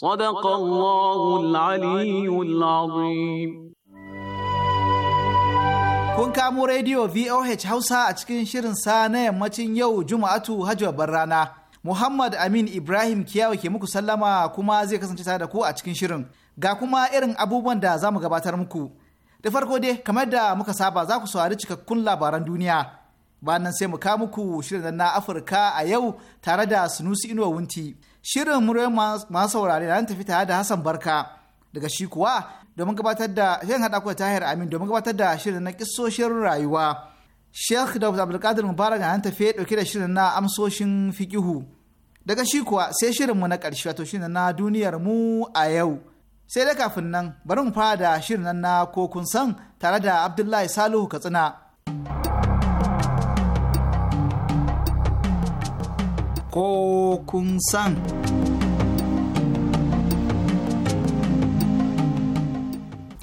صدق الله العلي العظيم Kun kamo rediyo VOH Hausa a cikin shirin sa na yammacin yau Juma'atu Hajjabar rana. Muhammad Amin Ibrahim Kiyawa ke muku sallama kuma zai kasance tare da ku a cikin shirin. Ga kuma irin abubuwan da za mu gabatar muku. Da farko dai, kamar da muka saba za ku saurari cikakkun labaran duniya. Bayan sai mu kawo muku shirin na Afirka a yau tare da Sunusi Inuwa Wunti. shirin muryar masu saurare na tafi tare da Hassan Barka daga shi kuwa domin gabatar da shirin haɗa kuwa Tahir Amin domin gabatar da shirin na kisoshin rayuwa. Sheikh Dr. Abdulkadir Mubarak na tafi ɗauke da shirin na amsoshin fikihu. Daga shi kuwa sai shirin mu na ƙarshe wato shirin na duniyar mu a yau. Sai dai kafin nan bari mu fara da shirin na ko kun san tare da Abdullahi Salihu Katsina. ko kun san.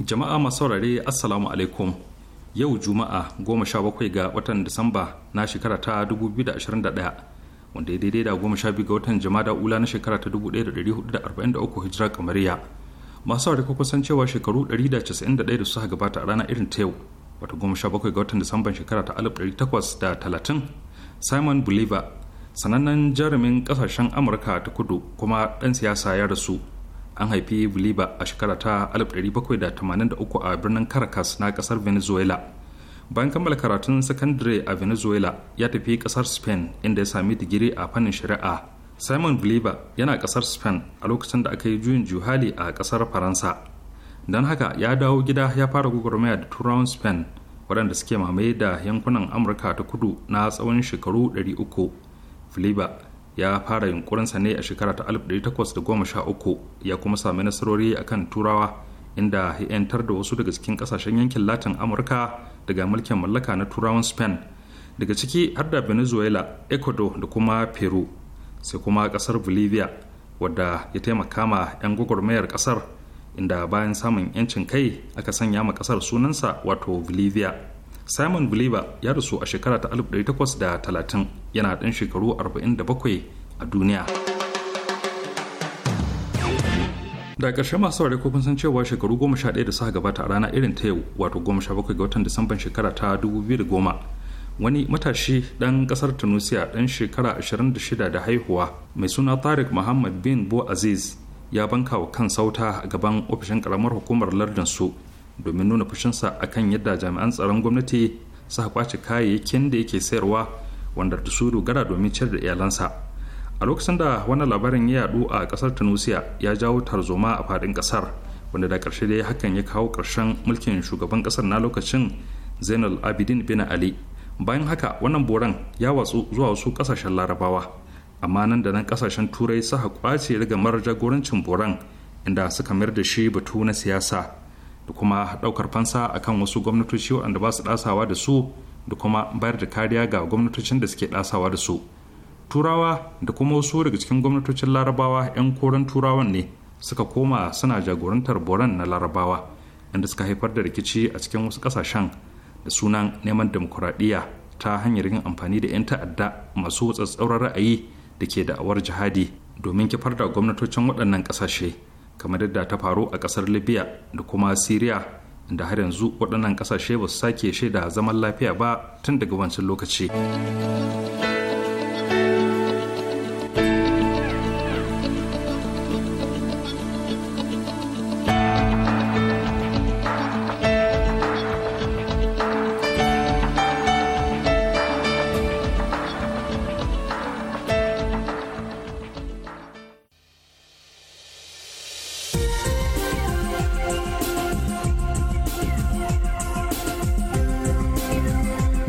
Jama'a masu Assalamu alaikum. Yau Juma'a goma sha bakwai ga watan Disamba na shekara ta 2021 wanda ya daidai da goma sha biyu ga watan Jama'a ula na shekara ta 1443 hijira kamariya. Masu saurare kuka san cewa shekaru 191 da suka gabata a rana irin ta yau wata goma sha bakwai ga watan Disamban shekara ta 1830 Simon Bolivar sanannen jarumin kasashen amurka ta kudu kuma ɗan siyasa ya rasu an haifi buliba a shekara ta 1783 a birnin caracas na ƙasar venezuela bayan kammala karatun sakandare a venezuela ya tafi ƙasar spain inda ya sami digiri a fannin shari'a simon buliba yana ƙasar spain a lokacin da aka yi juyin juhali a ƙasar faransa don haka ya dawo gida ya fara gwagwarmaya da turawan spain waɗanda suke mamaye da yankunan amurka ta kudu na tsawon shekaru 300 filiba ya fara yunkurinsa ne a shekara ta 1813 ya kuma sami nasarori a kan turawa inda ya 'yantar da wasu daga cikin kasashen yankin latin amurka daga mulkin mallaka na turawan spain daga ciki har da venezuela ecuador da kuma peru sai kuma kasar bolivia wadda ya taimaka ma 'yan gwagwarmayar kasar inda bayan samun 'yancin kai aka sanya ma kasar sunansa wato bolivia simon bolivar ya rasu a shekara ta 1830 yana ɗan shekaru 47 a duniya da ƙarshe masu saurare ko san cewa shekaru goma da suka gabata a rana irin ta yau wato goma ga watan disamban shekara ta dubu goma wani matashi ɗan ƙasar tunisia ɗan shekara 26 da haihuwa mai suna tariq muhammad bin bo aziz ya banka wa kan sauta a gaban ofishin ƙaramar hukumar lardin su domin nuna fushinsa akan yadda jami'an tsaron gwamnati suka kwace kayayyakin da yake sayarwa wanda da su dogara domin ciyar da iyalansa a lokacin da wannan labarin ya yaɗu a ƙasar tunisia ya jawo tarzoma a fadin ƙasar wanda da karshe dai hakan ya kawo ƙarshen mulkin shugaban ƙasar na lokacin zainal abidin bin ali bayan haka wannan boran ya watsu zuwa wasu ƙasashen larabawa amma nan da nan kasashen turai suka kwace rigamar jagorancin boran inda suka mayar da shi batu na siyasa da kuma ɗaukar fansa akan wasu gwamnatoci waɗanda ba su ɗasawa da su da kuma bayar da kariya ga gwamnatocin da suke ɗasawa da su turawa da kuma wasu daga cikin gwamnatocin larabawa 'yan koren turawan ne suka koma suna jagorantar boran na larabawa inda suka haifar da rikici a cikin wasu kasashen da sunan neman demokuraɗiyya ta hanyar yin amfani da 'yan ta'adda masu tsatsauran ra'ayi da ke da'awar jihadi domin kifar da gwamnatocin waɗannan ƙasashe kamar yadda ta faru a kasar libya da kuma syria da har yanzu waɗannan ƙasashe ba su sake shaida zaman lafiya ba tun daga wancan lokaci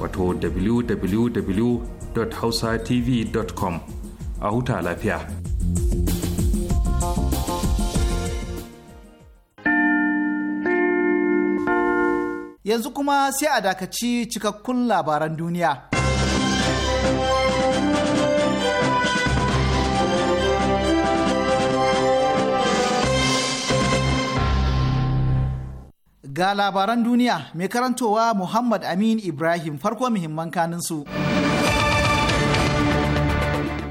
wato www.hausatv.com a huta lafiya. Yanzu kuma sai a dakaci cikakkun labaran duniya. Ga labaran duniya mai karantowa Muhammad Amin Ibrahim farko muhimman kanin su.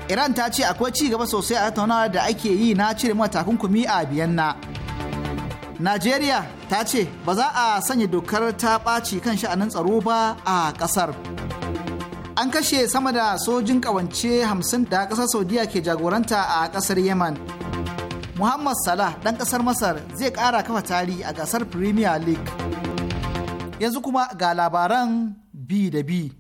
Iran ta ce akwai ci gaba sosai a tattaunawar da ake yi na cire mata takunkumi a Biyanna. Najeriya ta ce ba za a sanya dokar ta ɓaci kan sha'anin tsaro ba a ƙasar. An kashe sama da sojin ƙawance hamsin da ƙasar Saudiya ke jagoranta a ƙasar Yemen. Muhammad Salah ɗan ƙasar Masar zai ƙara kafa tarihi a gasar Premier League. Yanzu kuma ga labaran bi da bi.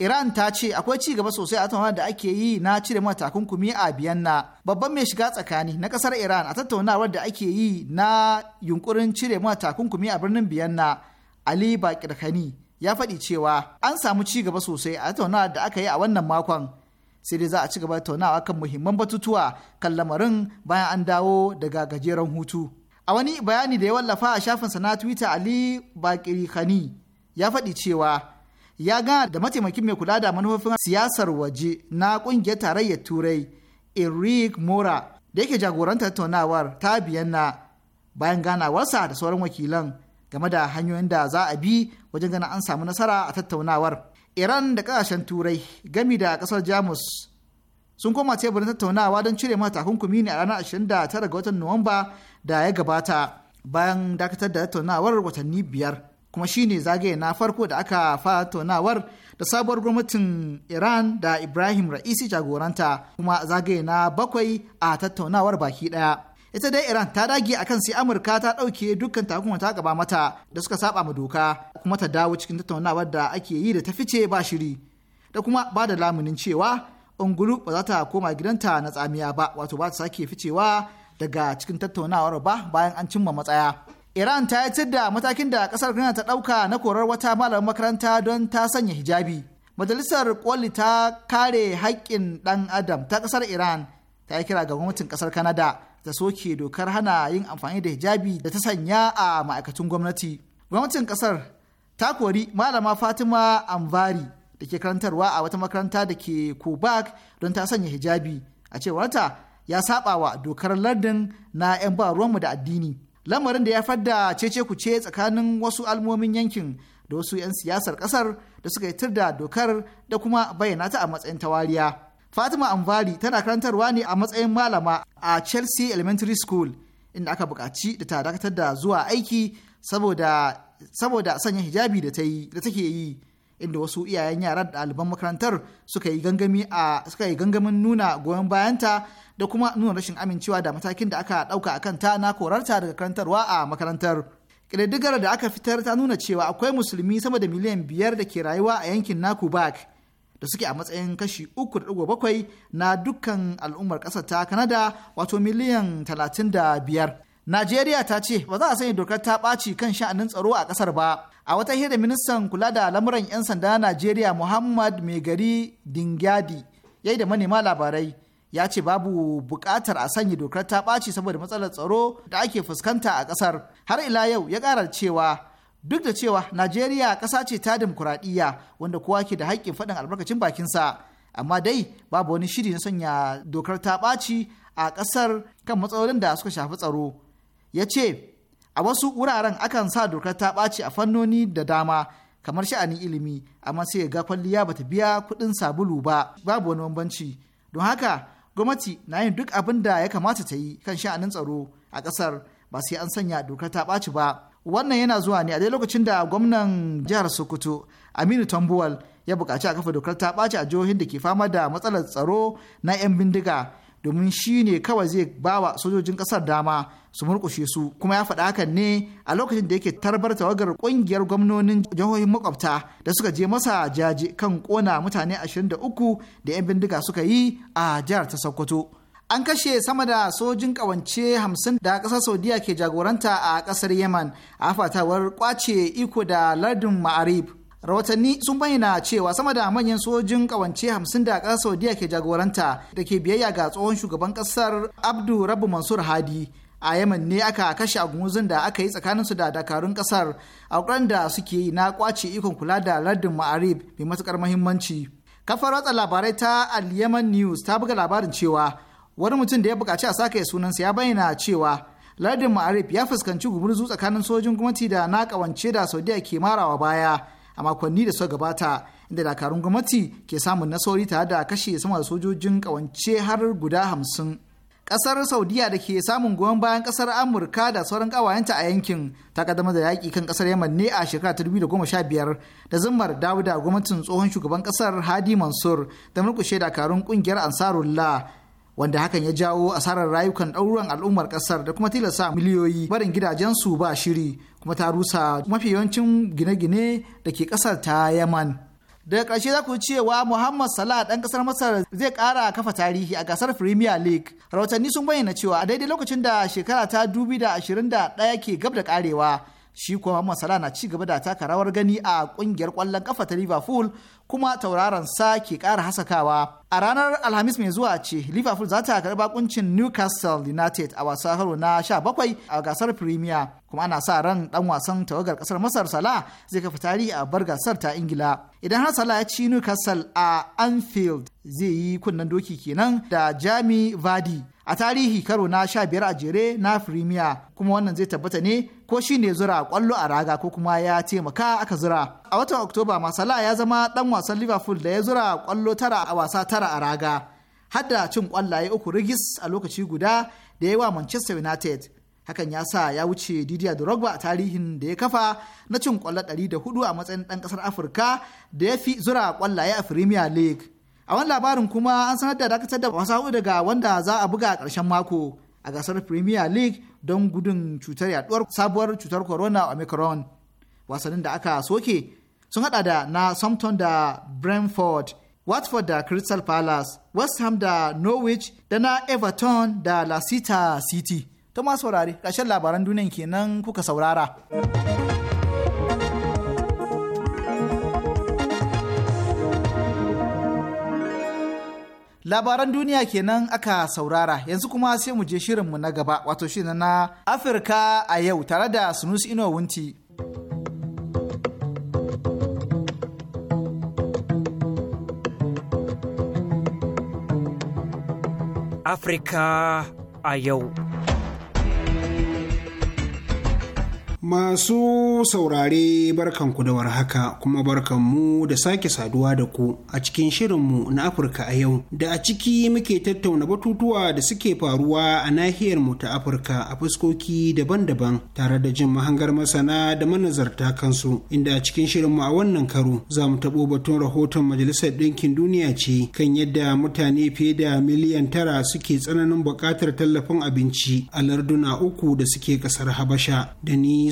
Iran ta ce akwai ci gaba sosai a tattaunawar da ake yi na cire mata takunkumi a Biyanna. Babban mai shiga tsakani na ƙasar Iran a tattaunawar da ake yi na yunkurin cire mata takunkumi a birnin Biyanna, Ali bakirkani ya faɗi cewa an samu ci gaba sosai a tattaunawar da aka yi a wannan makon. sai dai za a ci gaba da taunawa kan muhimman batutuwa kan lamarin bayan an dawo daga gajeren hutu. A wani bayani da ya wallafa a shafin na Twitter Ali Bakiri Khani ya faɗi cewa ya gana da mataimakin mai kula da manufofin siyasar waje na ƙungiyar tarayyar Turai Eric Mora da yake jagorantar tattaunawar ta na bayan ganawarsa da sauran wakilan game da hanyoyin da za a bi wajen ganin an samu nasara a tattaunawar. iran da ƙasashen turai gami da ƙasar jamus sun koma teburin tattaunawa don cire mata takunkumi ne a ranar 29 ga watan nuwamba da ya gabata bayan dakatar da tattaunawar watanni biyar kuma shine zagaye na farko da aka fara tattaunawar da sabuwar gwamnatin iran da ibrahim ra'isi jagoranta kuma zagaye na bakwai a tattaunawar baki ɗaya. ita dai iran ta dage akan sai amurka ta dauke dukkan takunkuma ta gaba mata da suka saba ma doka kuma ta dawo cikin tattaunawar da ake yi da ta fice ba shiri da kuma ba da lamunin cewa ungulu ba za ta koma gidanta na tsamiya ba wato ba ta sake ficewa daga cikin tattaunawar ba bayan an cimma matsaya iran ta yi da matakin da kasar ghana ta dauka na korar wata malamin makaranta don ta sanya hijabi majalisar koli ta kare haƙƙin ɗan adam ta kasar iran ta yi kira ga gwamnatin ƙasar Kanada. ta soke dokar hana yin amfani da hijabi da ta sanya a ma'aikatun gwamnati gwamnatin kasar ta kori malama fatima ambari da ke karantarwa a wata makaranta da ke kobak don ta sanya hijabi a cewarta ya saba wa dokar lardin na 'yan ba ruwanmu da addini lamarin da ya fadda cece ce tsakanin wasu almomin yankin da wasu 'yan siyasar kasar da suka yi tirda dokar da kuma bayyana ta a matsayin tawariya Fatima Anvari tana karantarwa ne a matsayin malama a Chelsea Elementary School inda aka buƙaci da ta dakatar da zuwa aiki saboda sanya hijabi da ta yi da take yi inda wasu iyayen yaran ɗaliban makarantar suka yi suka yi gangamin nuna goyon bayanta da kuma nuna rashin amincewa da matakin da aka ɗauka a kanta na korarta daga karantarwa a makarantar. Ƙididdigar da aka fitar ta nuna cewa akwai musulmi sama da miliyan biyar da ke rayuwa a yankin Nakubak. da suke a matsayin kashi 3.7 na dukkan al'ummar ƙasar ta Kanada wato miliyan 35. Najeriya ta ce ba za a sanya dokar ta ɓaci kan sha'anin tsaro a ƙasar ba. A wata hira ministan kula da lamuran 'yan sanda Najeriya Muhammad Megari Dingyadi ya yi da manema labarai ya ce babu buƙatar a sanya dokar ta ɓaci saboda matsalar tsaro da ake fuskanta a ƙasar. Har ila yau ya ƙara cewa duk da cewa najeriya ƙasa ce ta dimokuraɗiyya wanda kowa ke da haƙƙin faɗin albarkacin bakinsa amma dai babu wani shiri na sanya dokar ta ɓaci a ƙasar kan matsalolin da suka shafi tsaro ya ce a wasu wuraren akan sa dokar ta ɓaci a fannoni da dama kamar sha'anin ilimi amma sai ga kwalliya ba ta biya kuɗin sabulu ba babu wani bambanci don haka gwamnati na yin duk abin da ya kamata ta yi kan sha'anin tsaro a ƙasar ba sai an sanya dokar ta ɓaci ba wannan yana zuwa ne a dai lokacin da gwamnan jihar sokoto aminu tambuwal ya bukaci a kafa dokar ta ɓaci a jihohin da ke fama da matsalar tsaro na 'yan bindiga domin shi ne kawai zai bawa sojojin ƙasar dama su murƙushe su kuma ya faɗa hakan ne a lokacin da yake tarbar tawagar ƙungiyar gwamnonin jihohin makwabta da suka je masa jaji kan ƙona mutane 23 da 'yan bindiga suka yi a jihar ta sokoto. an kashe sama da sojin kawance hamsin da ƙasar saudiya ke jagoranta a ƙasar yaman a fatawar kwace iko da lardin ma'arib rahotanni sun bayyana cewa sama da manyan sojin kawance hamsin da ƙasar saudiya ke jagoranta da ke biyayya ga tsohon shugaban ƙasar abdu rabu mansur hadi a yaman ne aka kashe agumuzin da aka yi tsakaninsu da dakarun ƙasar a da suke yi na kwace ikon kula da lardin ma'arib mai matukar muhimmanci kafar watsa labarai ta al-yaman news ta buga labarin cewa wani mutum da ya buƙaci a sake sunansa ya bayyana cewa lardin ma'arif ya fuskanci gumurzu tsakanin sojin gwamnati da na ƙawance da saudiya ke marawa baya a makonni da suka gabata inda dakarun gwamnati ke samun nasori tare da kashe sama da sojojin ƙawance har guda hamsin Ƙasar saudiya da ke samun goyon bayan ƙasar amurka da sauran ƙawayenta a yankin ta ƙaddamar da yaƙi kan kasar yaman ne a shekara ta 2015 da zimmar dawo da gwamnatin tsohon shugaban ƙasar hadi mansur da murkushe dakarun kungiyar ansarullah wanda hakan ya jawo asarar rayukan ɗauruwan al'ummar ƙasar da kuma tilasta miliyoyi barin gidajensu ba shiri kuma ta rusa mafi yawancin gine-gine da ke ƙasar ta yaman daga ƙarshe za ku cewa muhammad salah ɗan ƙasar masar zai ƙara kafa tarihi a gasar premier league rahotanni sun bayyana cewa a daidai lokacin da shekara ta dubi da ashirin da ɗaya ke gab da ƙarewa shi kuma Mohamed Salah na ci gaba da taka rawar gani a kungiyar kwallon kafa ta Liverpool kuma tauraron sa ke ƙara hasakawa. A ranar Alhamis mai zuwa ce Liverpool za ta karɓi kuncin Newcastle United a wasa haro na 17 a gasar Premier kuma ana sa ran ɗan wasan tawagar ƙasar Masar Salah zai kafa tarihi a bar gasar ta Ingila. Idan har Salah ya ci Newcastle a Anfield zai yi kunnen doki kenan da Jami Vardy a tarihi karo na sha biyar a jere na firimiya kuma wannan zai tabbata ne ko shi ne zura kwallo a raga ko kuma ya taimaka aka zura a watan oktoba masala ya zama dan wasan liverpool da ya zura kwallo tara a wasa tara a raga hadda cin kwallaye uku rigis a lokaci guda da ya yi wa manchester united hakan ya sa ya wuce didier drogba a tarihin da ya kafa na cin kwallo hudu a matsayin dan kasar afirka da ya fi zura kwallaye a premier league a wani labarin kuma an sanar da dakatar da wasu daga wanda za a buga a ƙarshen mako a gasar premier league don gudun cutar yaduwar sabuwar cutar corona omicron wasannin da aka soke sun hada da na sumton da brentford watford da crystal palace west ham da norwich da na everton da lasita city ta masu saurare ƙarshen labaran duniyan kenan kuka saurara. labaran duniya kenan aka saurara yanzu kuma sai mu je shirin mu na gaba wato shi na afirka a yau tare da sunusu ino wunti afirka a yau Masu saurare barkan ku da warhaka kuma mu da sake saduwa da ku a cikin shirinmu na Afirka a yau da a ciki muke tattauna batutuwa da suke faruwa a nahiyar mu ta Afirka a fuskoki daban-daban tare da jin mahangar masana da manazarta kansu inda a cikin shirinmu a wannan karo za mu taɓo batun rahoton Majalisar Ɗinkin Duniya ce kan yadda mutane fiye da miliyan tara suke tsananin buƙatar tallafin abinci a larduna uku da suke ƙasar Habasha da ni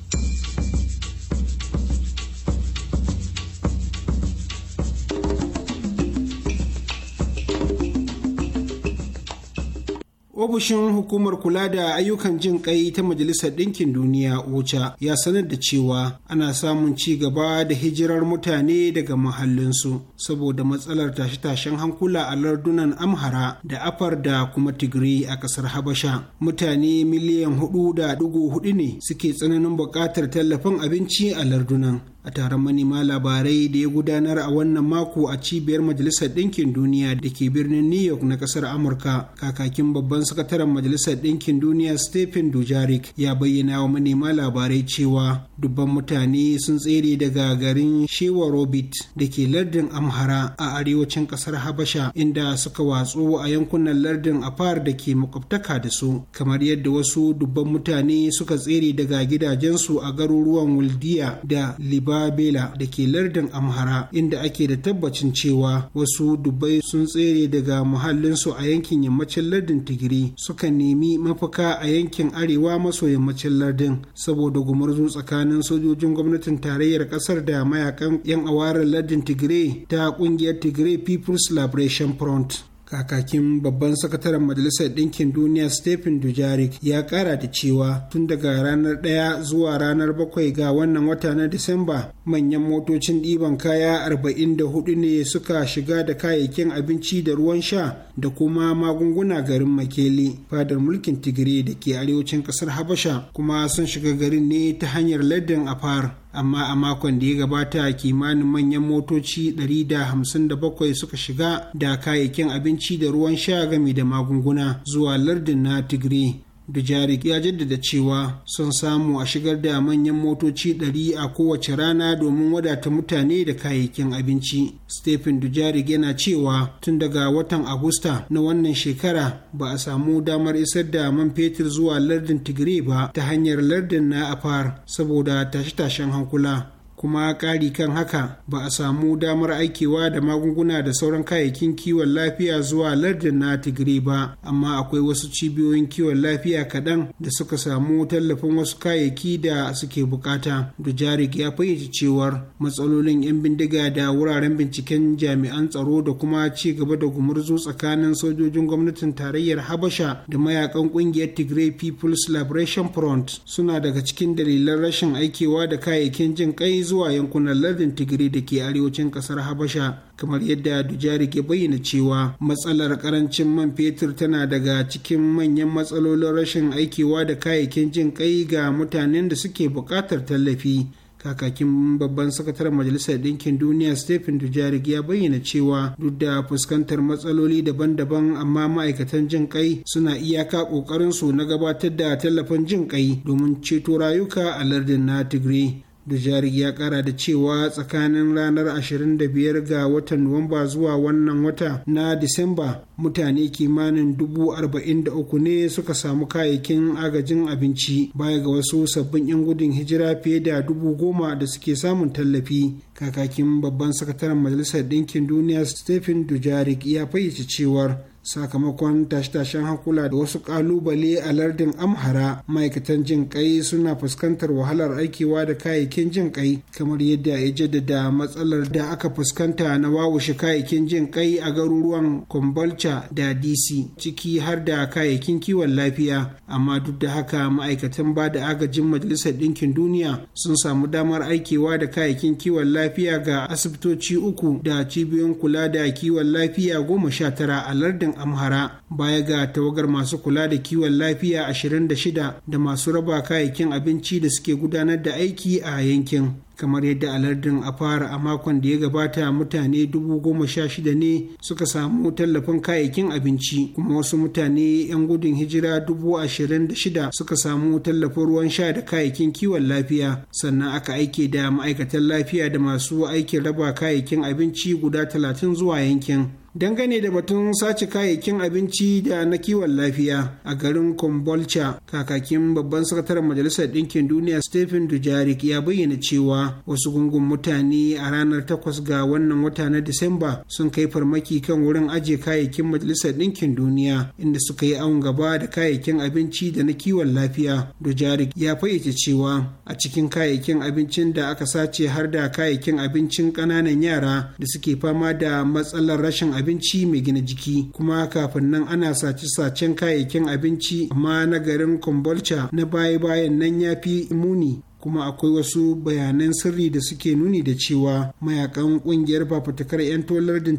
Ofishin hukumar kula da ayyukan jin kai ta Majalisar Ɗinkin Duniya OCHA ya sanar da cewa ana samun ci gaba da hijirar mutane daga mahallinsu saboda matsalar tashe-tashen hankula a lardunan Amhara da Afar da kuma Tigray a ƙasar Habasha. Mutane miliyan hudu da dugu hudu ne suke tsananin buƙatar tallafin abinci a lardunan a taron manema labarai da ya gudanar a wannan mako a cibiyar majalisar ɗinkin duniya da ke birnin new york na ƙasar amurka kakakin babban sakataren majalisar ɗinkin duniya stephen dujarik ya bayyana wa manema labarai cewa dubban mutane sun tsere daga garin shewa robit da ke lardin amhara a arewacin ƙasar habasha inda suka watsu a yankunan lardin afar da ke makwabtaka da su kamar yadda wasu dubban mutane suka tsere daga gidajensu a garuruwan wuldiya da liban babela da ke lardin amhara inda ake da tabbacin cewa wasu dubbai sun tsere daga muhallinsu a yankin yammacin lardin tigiri suka nemi mafaka a yankin arewa maso yammacin lardin saboda gumurzu tsakanin sojojin gwamnatin tarayyar kasar da mayakan yan awarar lardin Tigiri ta kungiyar Tigiri people's liberation front kakakin babban sakataren majalisar ɗinkin duniya stephen dujarik ya ƙara da cewa tun daga ranar ɗaya zuwa ranar bakwai ga wannan wata na disamba manyan motocin ɗiban kaya arba'in da 44 ne suka shiga da kayayyakin abinci da ruwan sha da kuma magunguna garin makeli fadar mulkin tigiri da ke arewacin ƙasar habasha kuma sun shiga garin ne ta hanyar lardin afar amma a makon da ya gabata kimanin manyan motoci 157 suka shiga da kayayyakin abinci da ruwan sha gami da magunguna zuwa lardin na tigray Dujarik ya jaddada cewa sun samu a shigar da manyan motoci 100 a kowace rana domin wadata mutane da kayayyakin abinci. Stephen Dujarik yana cewa tun daga watan Agusta na wannan shekara ba a samu damar isar da man fetur zuwa lardin Tigray ba ta hanyar lardin na Afar saboda tashe-tashen hankula. kuma ƙari kan haka ba a samu damar aikewa da magunguna da sauran kayayyakin kiwon lafiya zuwa lardin na tigiri ba amma akwai wasu cibiyoyin kiwon lafiya kaɗan da suka samu tallafin wasu kayayyaki da suke bukata dujarik ya fayyace cewar matsalolin 'yan bindiga da wuraren binciken jami'an tsaro da kuma ci gaba da gumurzu tsakanin sojojin gwamnatin tarayyar habasha da mayakan ƙungiyar tigray people's liberation front suna daga cikin dalilan rashin aikewa da kayayyakin jin kai zuwa yankunan lardin tigiri da ke arewacin kasar habasha kamar yadda dujari ya bayyana cewa matsalar karancin man fetur tana daga cikin manyan matsalolin rashin aikewa da kayayyakin jin kai ga mutanen da suke buƙatar tallafi kakakin babban sakataren majalisar ɗinkin duniya stephen dujarik ya bayyana cewa duk da fuskantar matsaloli daban-daban amma ma'aikatan jin kai suna iyaka ƙoƙarinsu na gabatar da tallafin jin kai domin ceto rayuka a lardin na tigray da jari ya kara da cewa tsakanin ranar 25 ga watan nuwamba zuwa wannan wata na disamba mutane kimanin 43,000 ne suka samu kayayyakin agajin abinci baya ga wasu sabbin 'yan gudun hijira fiye da dubu goma da suke samun tallafi kakakin babban sakataren majalisar ɗinkin duniya stephen dujarik ya fayyace cewar sakamakon tashe-tashen hakula da wasu kalubale a lardin amhara ma'aikatan jin kai suna fuskantar wahalar aikewa da kayayyakin jin kai kamar yadda ya jaddada matsalar da aka fuskanta na wawushe kayayyakin jin kai a garuruwan kwambalca da dc ciki har da kayayyakin kiwon lafiya amma duk da haka ma'aikatan ba da agajin majalisar ɗinkin duniya sun samu damar aikewa da kayayyakin kiwon lafiya ga asibitoci uku da cibiyoyin kula da kiwon lafiya goma sha tara a lardin yankin amhara baya ga tawagar masu kula da kiwon lafiya 26 da masu raba kayayyakin abinci da suke gudanar da aiki a yankin kamar yadda a lardin afara a makon da ya gabata mutane dubu goma sha shida ne suka samu tallafin kayayyakin abinci kuma wasu mutane 'yan gudun hijira dubu ashirin da shida suka samu tallafin ruwan sha da kayayyakin kiwon lafiya sannan aka aike da ma'aikatan lafiya da masu aikin raba kayayyakin abinci guda talatin zuwa yankin dangane da batun sace kayayyakin abinci da na kiwon lafiya a garin kombolcha kakakin babban sakataren majalisar ɗinkin duniya stephen dujarik ya bayyana cewa wasu gungun mutane a ranar takwas ga wannan wata na Disamba sun kai farmaki kan wurin ajiye kayayyakin Majalisar Ɗinkin Duniya inda suka yi awon gaba da kayayyakin abinci da na kiwon lafiya. Dujarik ya fayyace cewa a cikin kayayyakin abincin da aka sace har da kayayyakin abincin ƙananan yara da suke fama da matsalar rashin abinci mai gina jiki kuma kafin nan ana sace-sacen kayayyakin abinci amma na garin kumbolca na baya-bayan nan ya fi muni kuma akwai wasu bayanan sirri da suke nuni da cewa mayakan kungiyar fafutukar 'yan tolardin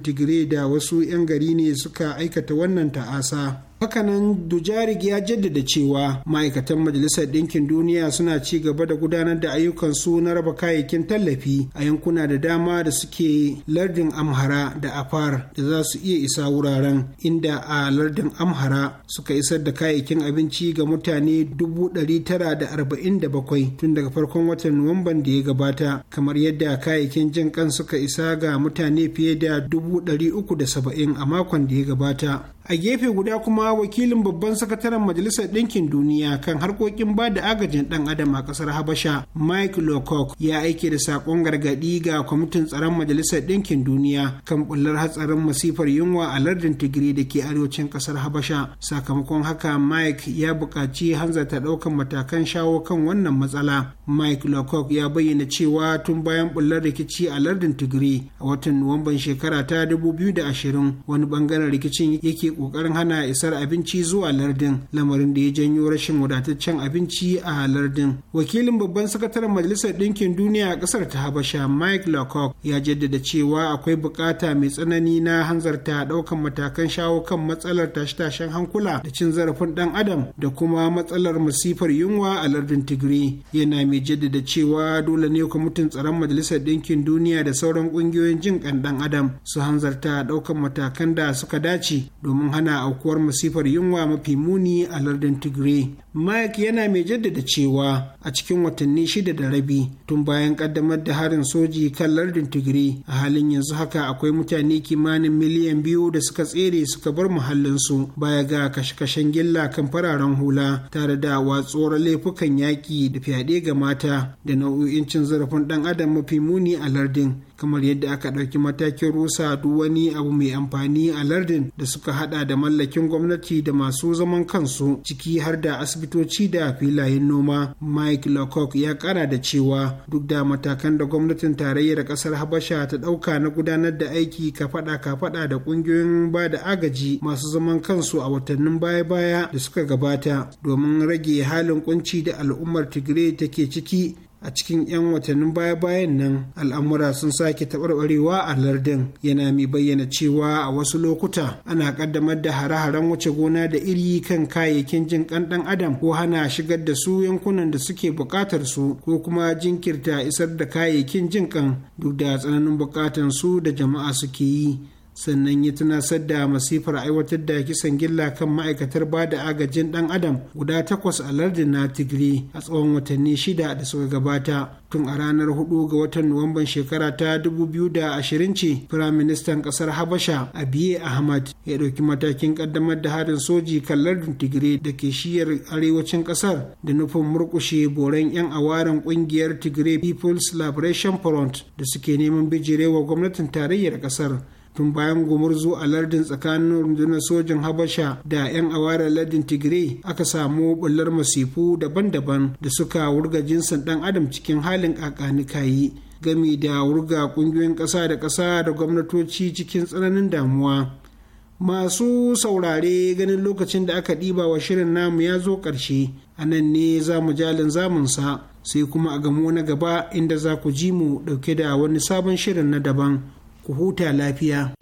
da wasu 'yan gari ne suka aikata wannan ta'asa Hakanan Dujarik ya jaddada cewa ma'aikatan Majalisar Ɗinkin Duniya suna ci gaba da gudanar da ayyukansu na raba kayayyakin tallafi a yankuna da dama da suke lardin Amhara da Afar da za su iya isa wuraren inda a lardin Amhara suka isar da kayayyakin abinci ga mutane 947 tun daga farkon watan Nuwamban da ya gabata kamar yadda kayayyakin jin kan suka isa ga mutane fiye da 370 a makon da ya gabata. A gefe guda kuma wakilin babban sakataren majalisar ɗinkin duniya kan harkokin ba da agajin ɗan adam a ƙasar habasha mike lowcock ya aike da saƙon gargaɗi ga kwamitin tsaron majalisar ɗinkin duniya kan bullar hatsarin masifar yunwa a lardin tigiri da ke arewacin ƙasar habasha sakamakon haka mike ya buƙaci hanzarta ɗaukan matakan shawo kan wannan matsala mike lowcock ya bayyana cewa tun bayan bullar rikici a lardin tigiri a watan nuwamban shekara ta 2020 wani bangaren rikicin yake ƙoƙarin hana isar abinci zuwa lardin lamarin da ya janyo rashin wadataccen abinci a lardin wakilin babban sakataren majalisar ɗinkin duniya a ƙasar ta habasha mike lacock ya jaddada cewa akwai bukata mai tsanani na hanzarta ɗaukan matakan shawo kan matsalar tashe-tashen hankula da cin zarafin ɗan adam da kuma matsalar masifar yunwa a lardin tigiri yana mai jaddada cewa dole ne kwamitin tsaron majalisar ɗinkin duniya da sauran ƙungiyoyin jin ƙan ɗan adam su hanzarta ɗaukan matakan da suka dace domin hana aukuwar masifar masifar yunwa mafi muni a lardin Tigray. Mike yana mai jaddada cewa a cikin watanni shida da rabi tun bayan kaddamar da harin soji kan lardin Tigray a halin yanzu haka akwai mutane kimanin miliyan biyu da suka tsere suka bar muhallinsu baya ga kashe-kashen gilla kan fararen hula tare da watsuwar laifukan yaƙi da fyaɗe ga mata da nau'o'in cin zarafin ɗan adam mafi muni a lardin. kamar yadda aka ɗauki matakin rusa duk wani abu mai amfani a lardin da suka hada da mallakin gwamnati da masu zaman kansu ciki har da asibitoci da filayen noma mike lecoq ya kara da cewa duk da matakan da gwamnatin tarayyar kasar habasha ta ɗauka na gudanar da aiki kafaɗa kafaɗa da ƙungiyoyin ba da agaji masu zaman kansu a watannin baya-baya da suka gabata domin rage halin kunci da al'ummar tigray take ciki a cikin 'yan watannin baya-bayan nan al'amura sun sake taɓarɓarewa a lardin yana mai bayyana cewa a wasu lokuta ana ƙaddamar da hare-haren wuce gona da iri kan kayayyakin jin ƙan ɗan adam ko hana shigar da su yankunan da suke buƙatar su ko kuma jinkirta isar da kayayyakin jin ƙan duk da tsananin buƙatan su da jama'a suke yi sannan ya tunasar da masifar aiwatar da kisan gilla kan ma'aikatar ba da agajin dan adam guda takwas a lardin na tigri a tsawon watanni shida da suka gabata tun a ranar hudu ga watan nuwamban shekara ta 2020 ce firaministan kasar habasha abiye ahmad ya ɗauki matakin ƙaddamar da harin soji kan lardin tigri da ke shiyar arewacin ƙasar da nufin murkushe boren 'yan awaren ƙungiyar tigre people's liberation front da suke neman bijirewa gwamnatin tarayyar ƙasar tun bayan gumurzu a lardin tsakanin rundunar sojin habasha da 'yan awara lardin tigray aka samu bullar masifu daban-daban da suka wurga jinsin dan adam cikin halin kakanikayi gami da wurga kungiyoyin ƙasa da ƙasa da gwamnatoci cikin tsananin damuwa masu saurare ganin lokacin da aka ɗiba wa shirin namu ya zo ƙarshe a nan ne za mu jalin zamunsa sai kuma a gamo na gaba inda za ku ji mu ɗauke da wani sabon shirin na daban ku huta lafiya.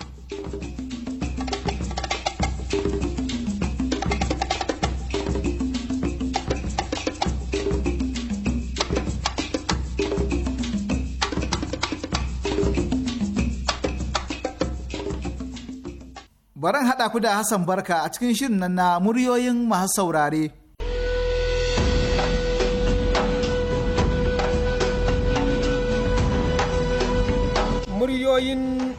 Baran haɗa ku da Hassan Barka a cikin shirin nan na muryoyin masu saurare. Muryoyin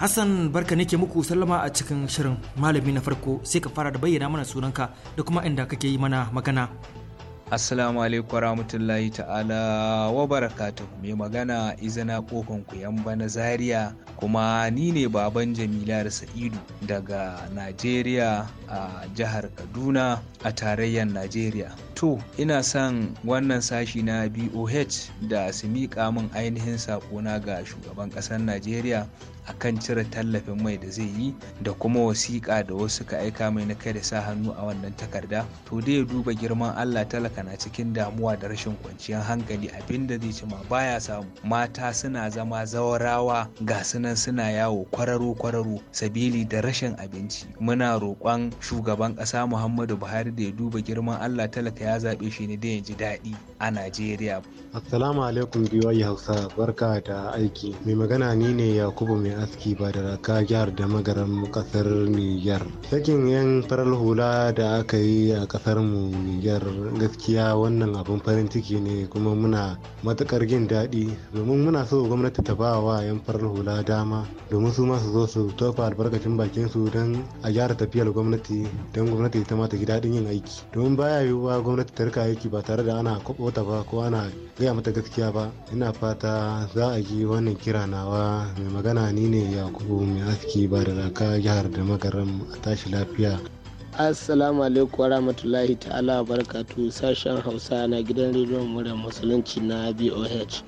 Hassan barka nake muku sallama a cikin shirin malami na farko sai ka fara da bayyana mana sunanka da kuma inda kake yi mana magana. Assalamu alaikum warahmatullahi ta'ala wa barakatuh mai magana izana kofan yamba na zaria kuma ni ne baban Jamila da Sa'idu daga Najeriya a jihar Kaduna a tarayyar Najeriya. To ina son wannan sashi na BOH da su miƙa min ainihin saƙona ga shugaban ƙasar Najeriya akan cire tallafin mai da zai yi da kuma wasiƙa da wasu ka aika mai na kai da sa hannu a wannan takarda to dai ya duba girman Allah talaka na cikin damuwa da rashin kwanciyar hankali abin da zai ci ma baya samu mata suna zama zawarawa ga sunan suna yawo kwararo kwararo sabili da rashin abinci muna roƙon shugaban ƙasa Muhammadu Buhari da ya duba girman Allah talaka ya zaɓe shi ne da ya ji daɗi a Najeriya. Assalamu alaikum yi Hausa barka da aiki mai magana ni ne Yakubu mai aski ba da raka jihar da magaran kasar niger sakin yan farar hula da aka yi a kasar mu niger gaskiya wannan abin farin ciki ne kuma muna matukar jin daɗi domin muna so gwamnati ta ba wa yan farar hula dama domin su masu zo su tofa albarkacin bakin su don a gyara tafiyar gwamnati don gwamnati ta mata ta ji daɗin yin aiki domin baya yiwuwa gwamnati ta rika aiki ba tare da ana kwaɓota ba ko ana gaya mata gaskiya ba ina fata za a ji wannan kira nawa mai magana ne ni ne yakubu mai aski ba da raka jihar da magaram a tashi lafiya assalamu alaikum warahmatullahi ta'ala barkatu. sashen hausa na gidan rediyon murar musulunci na boh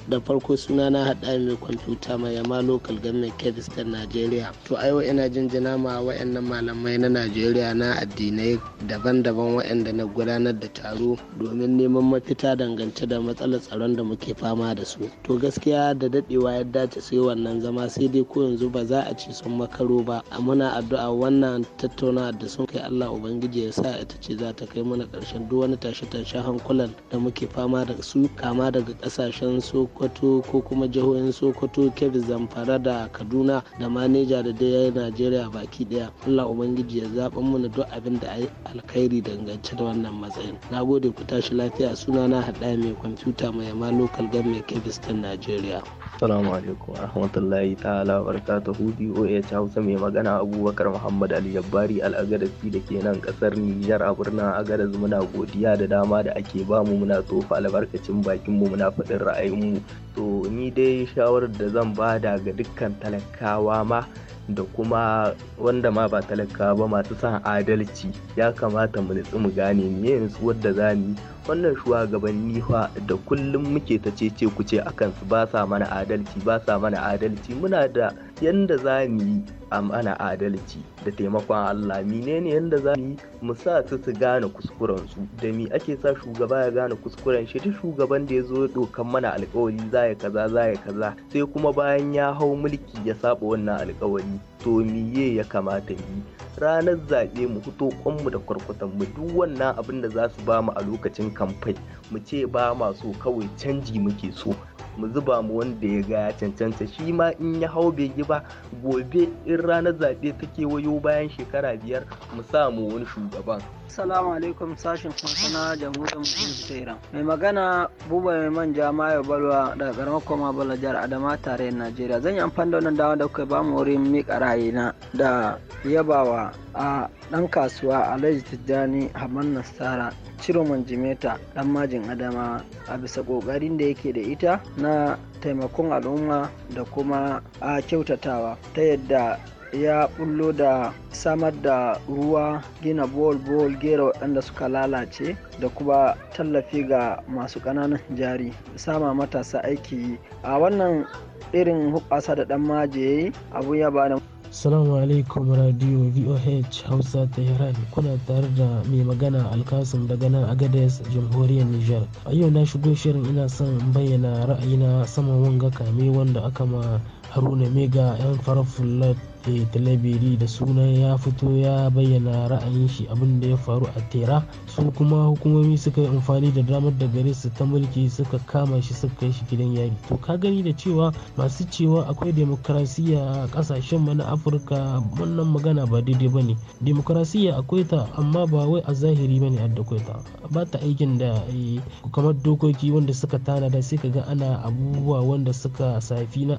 da farko suna na haɗa mai kwamfuta mai yama local government kebis ta najeriya to yau ina jinjina ma wa'annan malamai na najeriya na addinai daban-daban wa'anda na gudanar da taro domin neman mafita dangance da matsalar tsaron da muke fama da su to gaskiya da daɗewa ya dace sai wannan zama sai dai ko yanzu ba za a ce sun makaro ba a muna addu'a wannan tattaunawa da sun kai allah ubangiji ya sa ita ce za ta kai mana karshen duk wani tashe-tashe hankulan da muke fama da su kama daga kasashen sokoto ko kuma jihohin sokoto kebbi zamfara da kaduna da maneja da dai najeriya baki ɗaya allah ubangiji ya zaɓan mana duk abin da alkhairi dangance da wannan matsayin na gode ku tashi lafiya suna na haɗa mai kwamfuta mai ma local government kebbi najeriya assalamu alaikum rahmatullahi ta'ala barakatuhu boh hausa mai magana abubakar muhammad ali jabbari al'agarasi da ke nan kasar Nijar a birnin Agadez muna godiya da dama da ake bamu muna tsofa albarkacin bakin mu muna faɗin ra'ayinmu to ni dai shawarar da zan bada ga dukkan talakawa ma da kuma wanda ma ba talakawa ba masu son adalci ya kamata mu nutsu mu gane me yanzu wadda za mu wannan shugabanni fa da kullum muke ta cece kuce a kansu ba sa mana adalci ba sa mana adalci muna da yanda za mu yi a mana adalci da taimakon Allah menene yanda za mu yi mu sa su su gane kuskuren su da mi ake sa shugaba ya gane kuskuren shi duk shugaban da ya zo dokan mana alkawari za ya kaza za ya kaza sai kuma bayan ya hau mulki ya saba wannan alkawari to miye ya kamata yi ranar zaɓe mu fito kwanmu da kwarkwatan mu duk wannan abin da za su ba mu a lokacin kamfai mu ce ba ma so kawai canji muke so mu zuba mu wanda ya ga ya cancanta shi ma in ya hau bai yi ba gobe in ranar zaɓe ta kewayo bayan shekara biyar mu sa mu wani shugaban. Assalamu alaikum sashen kwansana jamhuriyar musulunci ta Mai magana buba mai manja mayo balwa daga karamar koma bala jihar Adama na Najeriya. Zan yi amfani da wannan dama da kuka ba mu wurin miƙa rayuwa da yabawa a ɗan kasuwa Alhaji Tijjani Haman Nasara Ciroman Jimeta dan majin Adama a bisa kokarin da yake da ita na taimakon al'umma da kuma a kyautatawa ta yadda ya bullo da samar da ruwa gina bol bol gera waɗanda suka lalace da kuma tallafi ga masu ƙananan jari sama matasa aiki a wannan irin hukasa da dan maje abu ya bani Salamu alaikum radio VOH Hausa Tehran kuna tare da mai magana alkasim daga nan Agadez jamhuriyar Nijar. A yau na shigo shirin ina son bayyana ra'ayina saman wanga kame wanda aka ma haruna mega yan farfulat e eh, talabiri da sunan ya fito ya bayyana ra'ayin shi abin da ya faru a tera su kuma hukumomi suka yi amfani da damar da gare su ta mulki suka kama shi suka kai shi gidan yari to ka gani da cewa masu cewa akwai demokrasiya a kasashen mu na afirka wannan magana ba daidai ba ne demokrasiya akwai ta amma ba wai a zahiri ba ne a da ta ba ta aikin da eh, kamar dokoki wanda suka tana da sai ka ga ana abubuwa wanda suka safi na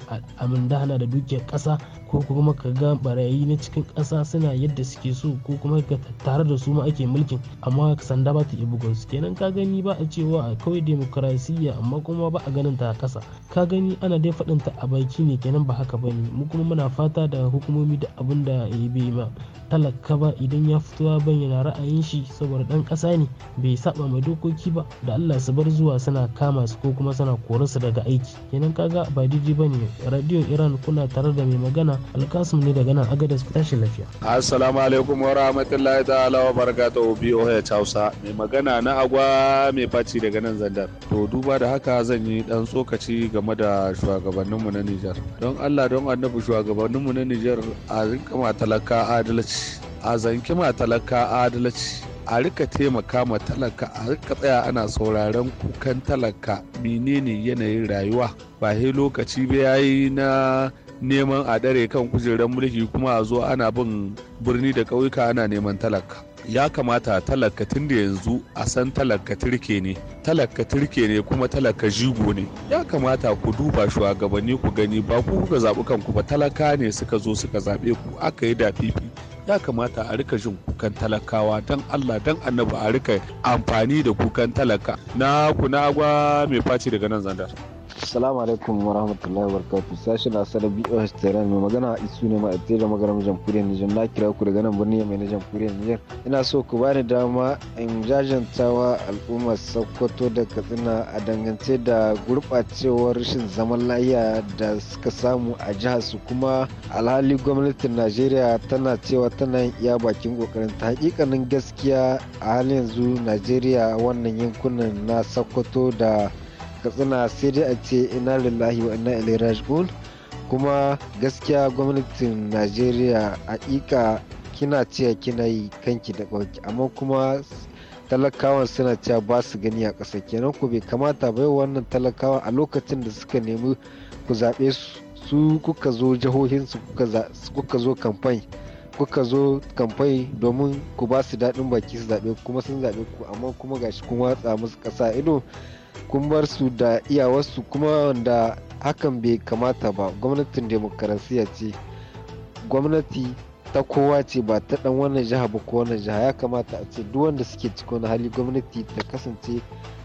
almundahana da dukiyar kasa ko kuma ka ga barayi na cikin kasa suna yadda suke so ko kuma ka tare da su ma ake mulkin amma sanda ba ta iya bugun kenan ka gani ba a cewa a kawai demokarasiyya amma kuma ba a ganin ta kasa ka gani ana dai faɗin ta a baki ne kenan ba haka ba ne mu kuma muna fata da hukumomi da abin da ya bai ma talaka ba idan ya fito ya bayyana ra'ayin shi saboda ɗan ƙasa ne bai saba mai dokoki ba da Allah su bar zuwa suna kama su ko kuma suna koransu daga aiki kenan kaga ba daidai bane radio iran kuna tare da mai magana alkasum ne daga nan agadas ku lafiya assalamu alaikum wa rahmatullahi ta'ala wa barakatuhu boh hausa mai magana na agwa mai faci daga nan zandar to duba da haka zan yi dan tsokaci game da shugabanninmu na nijar don allah don annabi shugabanninmu na nijar a rinka talaka adalci a zanki ma talaka adalci a rika taimaka ma talaka a rika tsaya ana sauraron kukan talaka menene yanayin rayuwa ba sai lokaci ba yayi na neman a dare kan kujerar mulki kuma a zo ana bin birni da ƙauyuka ana neman talaka ya kamata talaka tun da yanzu a san talaka turke ne talaka turke ne kuma talaka jigo ne ya kamata ku duba shugabanni ku gani ba ku kuka zaɓi kanku ba talaka ne suka zo suka zaɓe ku aka yi dafifi. ya kamata a rika jin kukan talakawa don Allah don annabi a rika amfani da kukan talaka na kuna agwa mai faci daga nan zandar. Assalamu alaikum wa rahmatullahi wa na Sashen Asalar BOH Tehran mai magana a isu ne ma'aikatai da magaram jamhuriyar Nijar na kira ku daga nan birni mai na jamhuriyar Nijar. Ina so ku bani dama in jajantawa al'ummar Sokoto da Katsina a dangance da gurɓacewar rashin zaman lafiya da suka samu a jihar su kuma alhali gwamnatin Najeriya tana cewa tana yin iya bakin kokarin ta hakikanin gaskiya a halin yanzu Najeriya wannan yankunan na Sokoto da katsina sai dai a ce ina lillahi wa ina ilai rajgul kuma gaskiya gwamnatin najeriya haƙiƙa kina cewa kina yi kanki da ɓauki amma kuma talakawan suna cewa ba su gani a ƙasa kenan ku bai kamata bai wannan talakawa a lokacin da suka nemi ku zaɓe su kuka zo jihohinsu kuka zo kamfani kuka zo kamfai domin ku ba su daɗin baki su zaɓe kuma sun zaɓe ku amma kuma gashi kun watsa musu ƙasa ido kun bar su da iyawarsu kuma wanda hakan bai kamata ba gwamnatin demokarasiya ce gwamnati ta kowa ce ba ta dan wannan jiha ba ko wannan jiha ya kamata a ce duk wanda suke cikin hali gwamnati ta kasance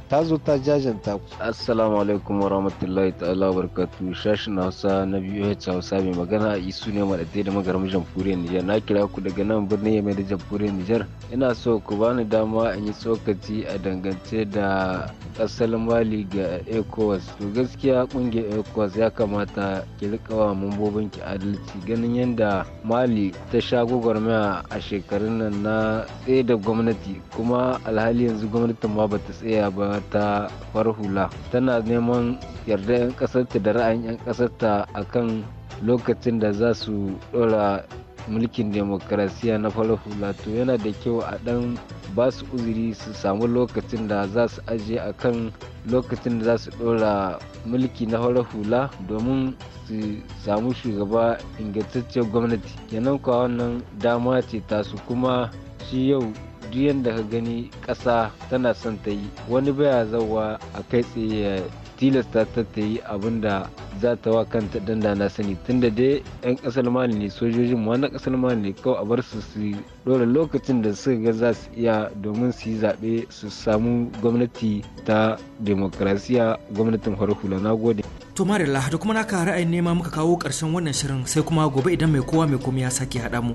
ta zo ta jajanta ku assalamu alaikum wa rahmatullahi ta'ala wa barakatu shashin hausa na biyu hausa hausa mai magana a isu ne maɗaɗe da magaramin jamhuriyar nijar na kira ku daga nan birnin yamai da jamhuriyar nijar ina so ku bani dama in yi tsokaci a dangance da ƙasar mali ga ecowas to gaskiya ƙungiyar ecowas ya kamata ki wa mambobin ki adalci ganin yadda mali ta sha gwagwarmaya a shekarun nan na tsaye da gwamnati kuma alhali yanzu gwamnatin ma bata tsaya ba ta far farhula tana neman yarda 'yan ƙasarta da ra'ayin 'yan ƙasarta kan lokacin da za su ɗora mulkin demokarasiya na farar hula to yana da kyau a dan ba su uzuri su samu lokacin da za su aje a kan lokacin da za su dora mulki na farar hula domin su samu shugaba ingantaccen gwamnati kenan kuwa wannan dama ce tasu kuma shi yau duk yadda ka gani ƙasa tana son ta yi wani baya zauwa a kai tsaye ya tilasta ta ta yi abin da za ta wa kanta dan da na sani tunda dai yan ƙasar mali ne sojojin ma na ƙasar mali ne kawai a bar su su dole lokacin da suka ga za su iya domin su yi zaɓe su samu gwamnati ta demokrasiya gwamnatin farar na gode. to marilla da kuma naka ra'ayin nema muka kawo ƙarshen wannan shirin sai kuma gobe idan mai kowa mai kuma ya sake haɗa mu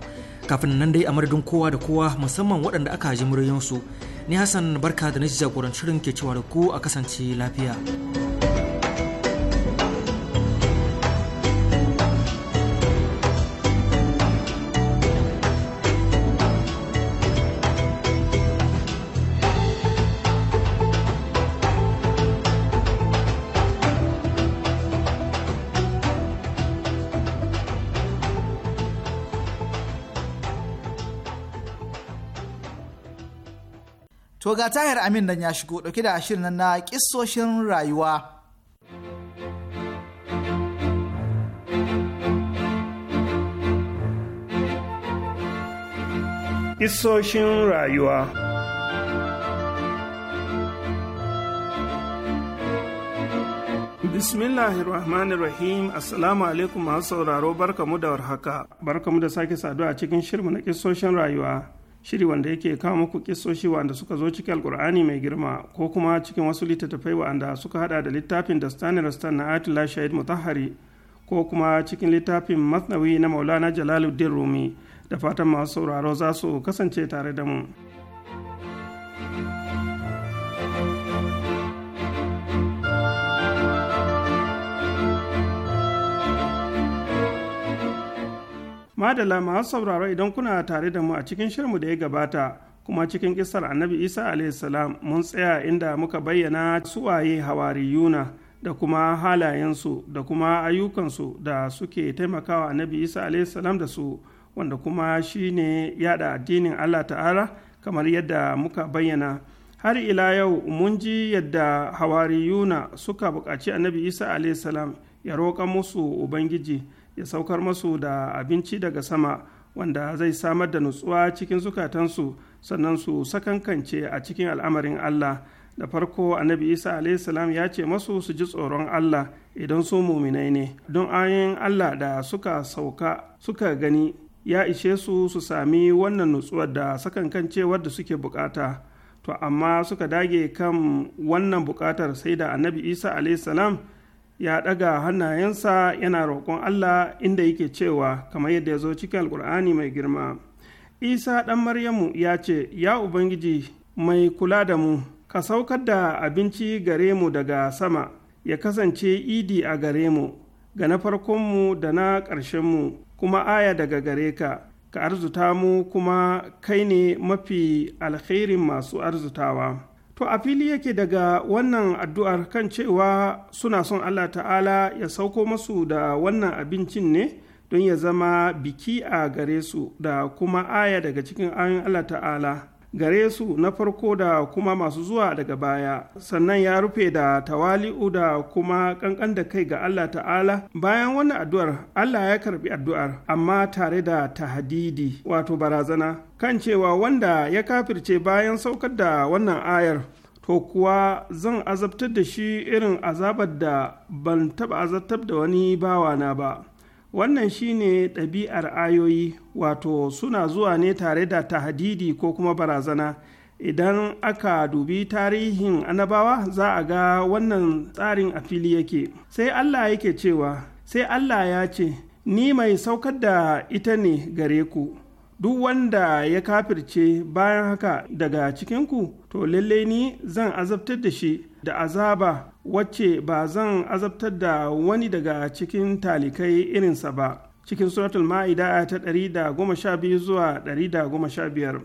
kafin nan dai a madadin kowa da kowa musamman waɗanda aka ji muryoyinsu ni hassan barka da na jagorancin ke cewa da ku a kasance lafiya To ga tahir amin nan ya shigo dauke da shirin na kissoshin rayuwa. Kissoshin rayuwa rahim Assalamu alaikum masu sauraro barkamu da warhaka barkamu da sake saduwa a cikin shirmu na kisoshin rayuwa shiri wanda yake kawo muku kisoshi wanda suka zo cikin alkur'ani mai girma ko kuma cikin wasu littattafai wanda suka hada da littafin da stanley stan na atila shahid mutahari ko kuma cikin littafin masnawi na maulana jalaluddin rumi da fatan masu sauraro za su kasance tare da mu. madala masu sauraro idan kuna tare da mu a cikin shirmu da ya gabata kuma cikin kisar annabi isa salam mun tsaya inda muka bayyana suwaye hawariyuna da kuma halayensu da kuma ayyukansu da suke taimakawa annabi isa salam da su wanda kuma shi ne yada addinin allah ta'ala kamar yadda muka bayyana har ila yau mun ji yadda hawariyuna suka buƙaci annabi isa salam ya roƙa musu ubangiji ya saukar masu da abinci daga sama wanda zai samar da nutsuwa cikin zukatansu sannan su sakankance a cikin al'amarin Allah da farko annabi isa salam ya ce masu su ji tsoron Allah idan su muminai ne don ayin Allah da suka sauka suka gani ya ishe su su sami wannan nutsuwar da sakankancewar da suke bukata to amma suka dage kan wannan bukatar sai da annabi isa salam ya ɗaga hannayensa yana roƙon Allah inda yake cewa kamar yadda ya zo cikin Alƙur'ani mai girma isa ɗan maryamu ya ce ya ubangiji mai kula da mu ka saukar da abinci gare mu daga sama ya kasance idi a gare mu ga na farkonmu da na ƙarshenmu kuma aya daga gare ka ka arzuta mu kuma kai ne mafi alkhairin masu arzutawa To a fili yake daga wannan addu'ar kan cewa suna son Allah ta'ala ya sauko masu da wannan abincin ne don ya zama biki a gare su da kuma aya daga cikin ayin Allah ta'ala gare su na farko da kuma masu zuwa daga baya sannan ya rufe da tawali'u da kuma kankan da kai ga Allah ta'ala bayan wannan addu'ar Allah ya karbi addu'ar amma tare da tahadidi wato barazana kan cewa wanda ya kafirce bayan saukar da wannan ayar to kuwa zan azabtar da shi irin azabar da ban taba azabtar da wani bawana ba wannan shine ɗabi'ar ayoyi wato suna zuwa ne tare da tahadidi ko kuma barazana idan aka dubi tarihin Anabawa, za a ga wannan tsarin a fili yake sai allah yake cewa sai allah ya ce ni mai saukar da ita ne gare ku duk wanda ya kafirce bayan haka daga cikinku to lalle ni zan azabtar da shi da azaba wacce ba zan azabtar da wani daga cikin talikai irinsa ba cikin suratul ma'ida ta ɗari da goma sha biyu zuwa ɗari da goma sha biyar.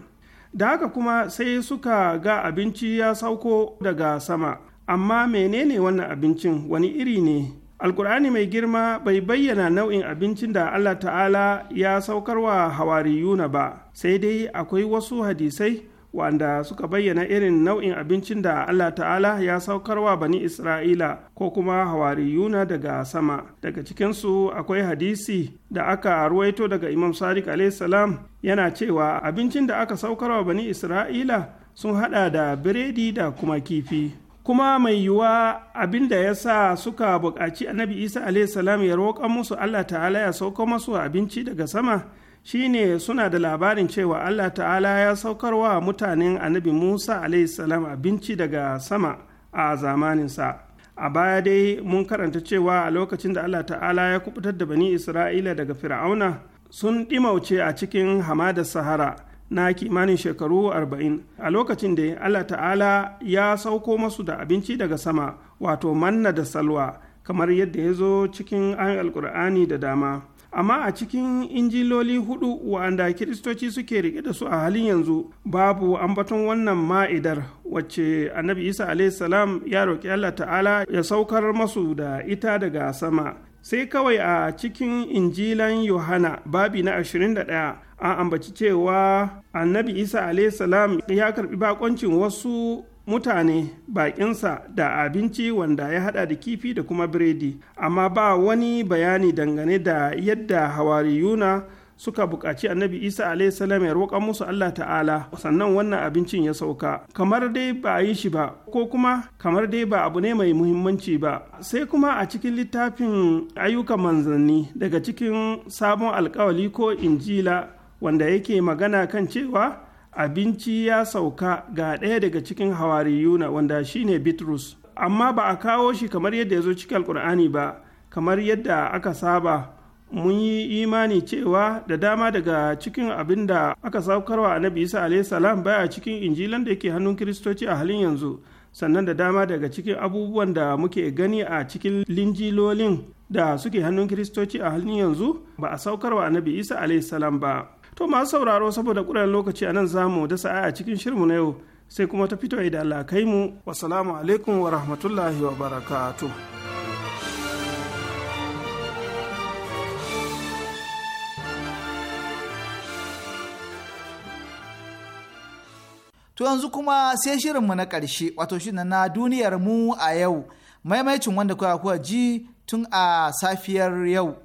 da haka kuma sai suka ga abinci ya sauko daga sama amma menene wannan abincin wani iri ne alkur'ani mai girma bai bayyana nau'in abincin da allah ta'ala ya saukarwa hawariyuna ba sai dai akwai wasu hadisai wanda suka bayyana irin nau'in abincin da allah ta'ala ya saukarwa bani isra'ila ko kuma hawariyuna daga sama daga cikinsu akwai hadisi da aka ruwaito daga imam sadiq salam yana cewa abincin da aka saukar wa bani isra'ila sun hada da biredi da kuma kifi kuma mai yiwuwa abin da ya sa suka buƙaci annabi isa salam ya roƙa musu allah ta'ala ya sauko masu abinci daga sama shine suna da labarin cewa allah ta'ala ya saukar wa mutanen annabi musa salam abinci daga sama a zamaninsa a baya dai mun karanta cewa a lokacin da allah ta'ala ya kubutar da bani isra'ila daga fir'auna sun ɗimauce a cikin hamadar sahara na kimanin shekaru arba'in a lokacin da allah ta'ala ya sauko masu da abinci daga sama wato manna da salwa kamar yadda ya zo cikin ayin alkur'ani da dama amma a cikin injiloli hudu wa'anda kiristoci suke rike da su a halin yanzu babu ambaton wannan ma'idar wacce annabi isa salam ya roƙi allah ta'ala ya saukar masu da ita daga sama sai kawai a cikin injilan yohana babi na 21 an ambaci cewa annabi isa salam ya karbi bakoncin wasu mutane bakinsa da abinci wanda ya hada da kifi da kuma biredi amma ba wani bayani dangane da yadda hawariyuna suka buƙaci annabi isa salam ya roƙa musu allah ta'ala sannan wannan abincin ya sauka kamar dai ba a yi shi ba ko kuma kamar dai ba abu ne mai muhimmanci ba sai kuma a cikin littafin ayyukan manzanni daga cikin sabon alkawali ko injila wanda yake magana kan cewa abinci ya sauka ga ɗaya daga cikin hawariyuna wanda shine bitrus amma ba a kawo shi kamar yadda ya zo cikin alkur'ani ba kamar yadda aka saba mun yi imani cewa da dama daga cikin abin da aka saukarwa annabi isa Salam baya cikin injilan da yake hannun kiristoci a halin yanzu sannan da dama daga cikin abubuwan da muke gani a cikin linjilolin da suke hannun kiristoci a halin yanzu ba a saukarwa annabi isa Salam ba to masu sauraro saboda kura lokaci a nan za mu dasa aya cikin shirmu na yau sai kuma ta fito da Allah kai mu wasalamu alaikum wa rahmatullahi wa barakatuh To yanzu kuma sai shirinmu na ƙarshe wato shi na duniyar mu a yau maimaicin wanda kuka kuwa ji tun a safiyar yau.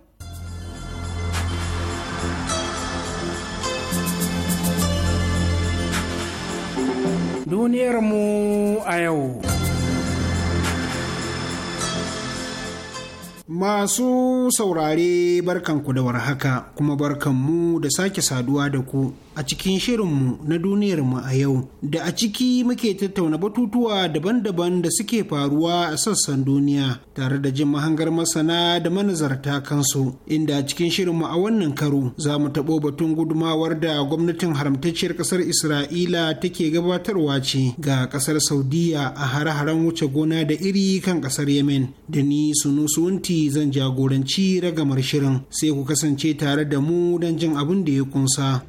Duniyarmu a yau. Masu saurare barkanku da warhaka kuma barkanmu da sake saduwa da ku a cikin shirinmu na duniyarmu a yau da a ciki muke tattauna batutuwa daban-daban da suke faruwa a sassan duniya tare da jin mahangar masana da manazarta kansu inda a cikin shirinmu a wannan karo za mu taɓo batun gudumawar da gwamnatin haramtacciyar ƙasar isra'ila take gabatarwa ce ga ƙasar saudiya a hare-haren wuce gona da iri kan ƙasar yemen da ni sunusunti zan jagoranci ragamar shirin sai ku kasance tare da mu don jin abin da ya kunsa.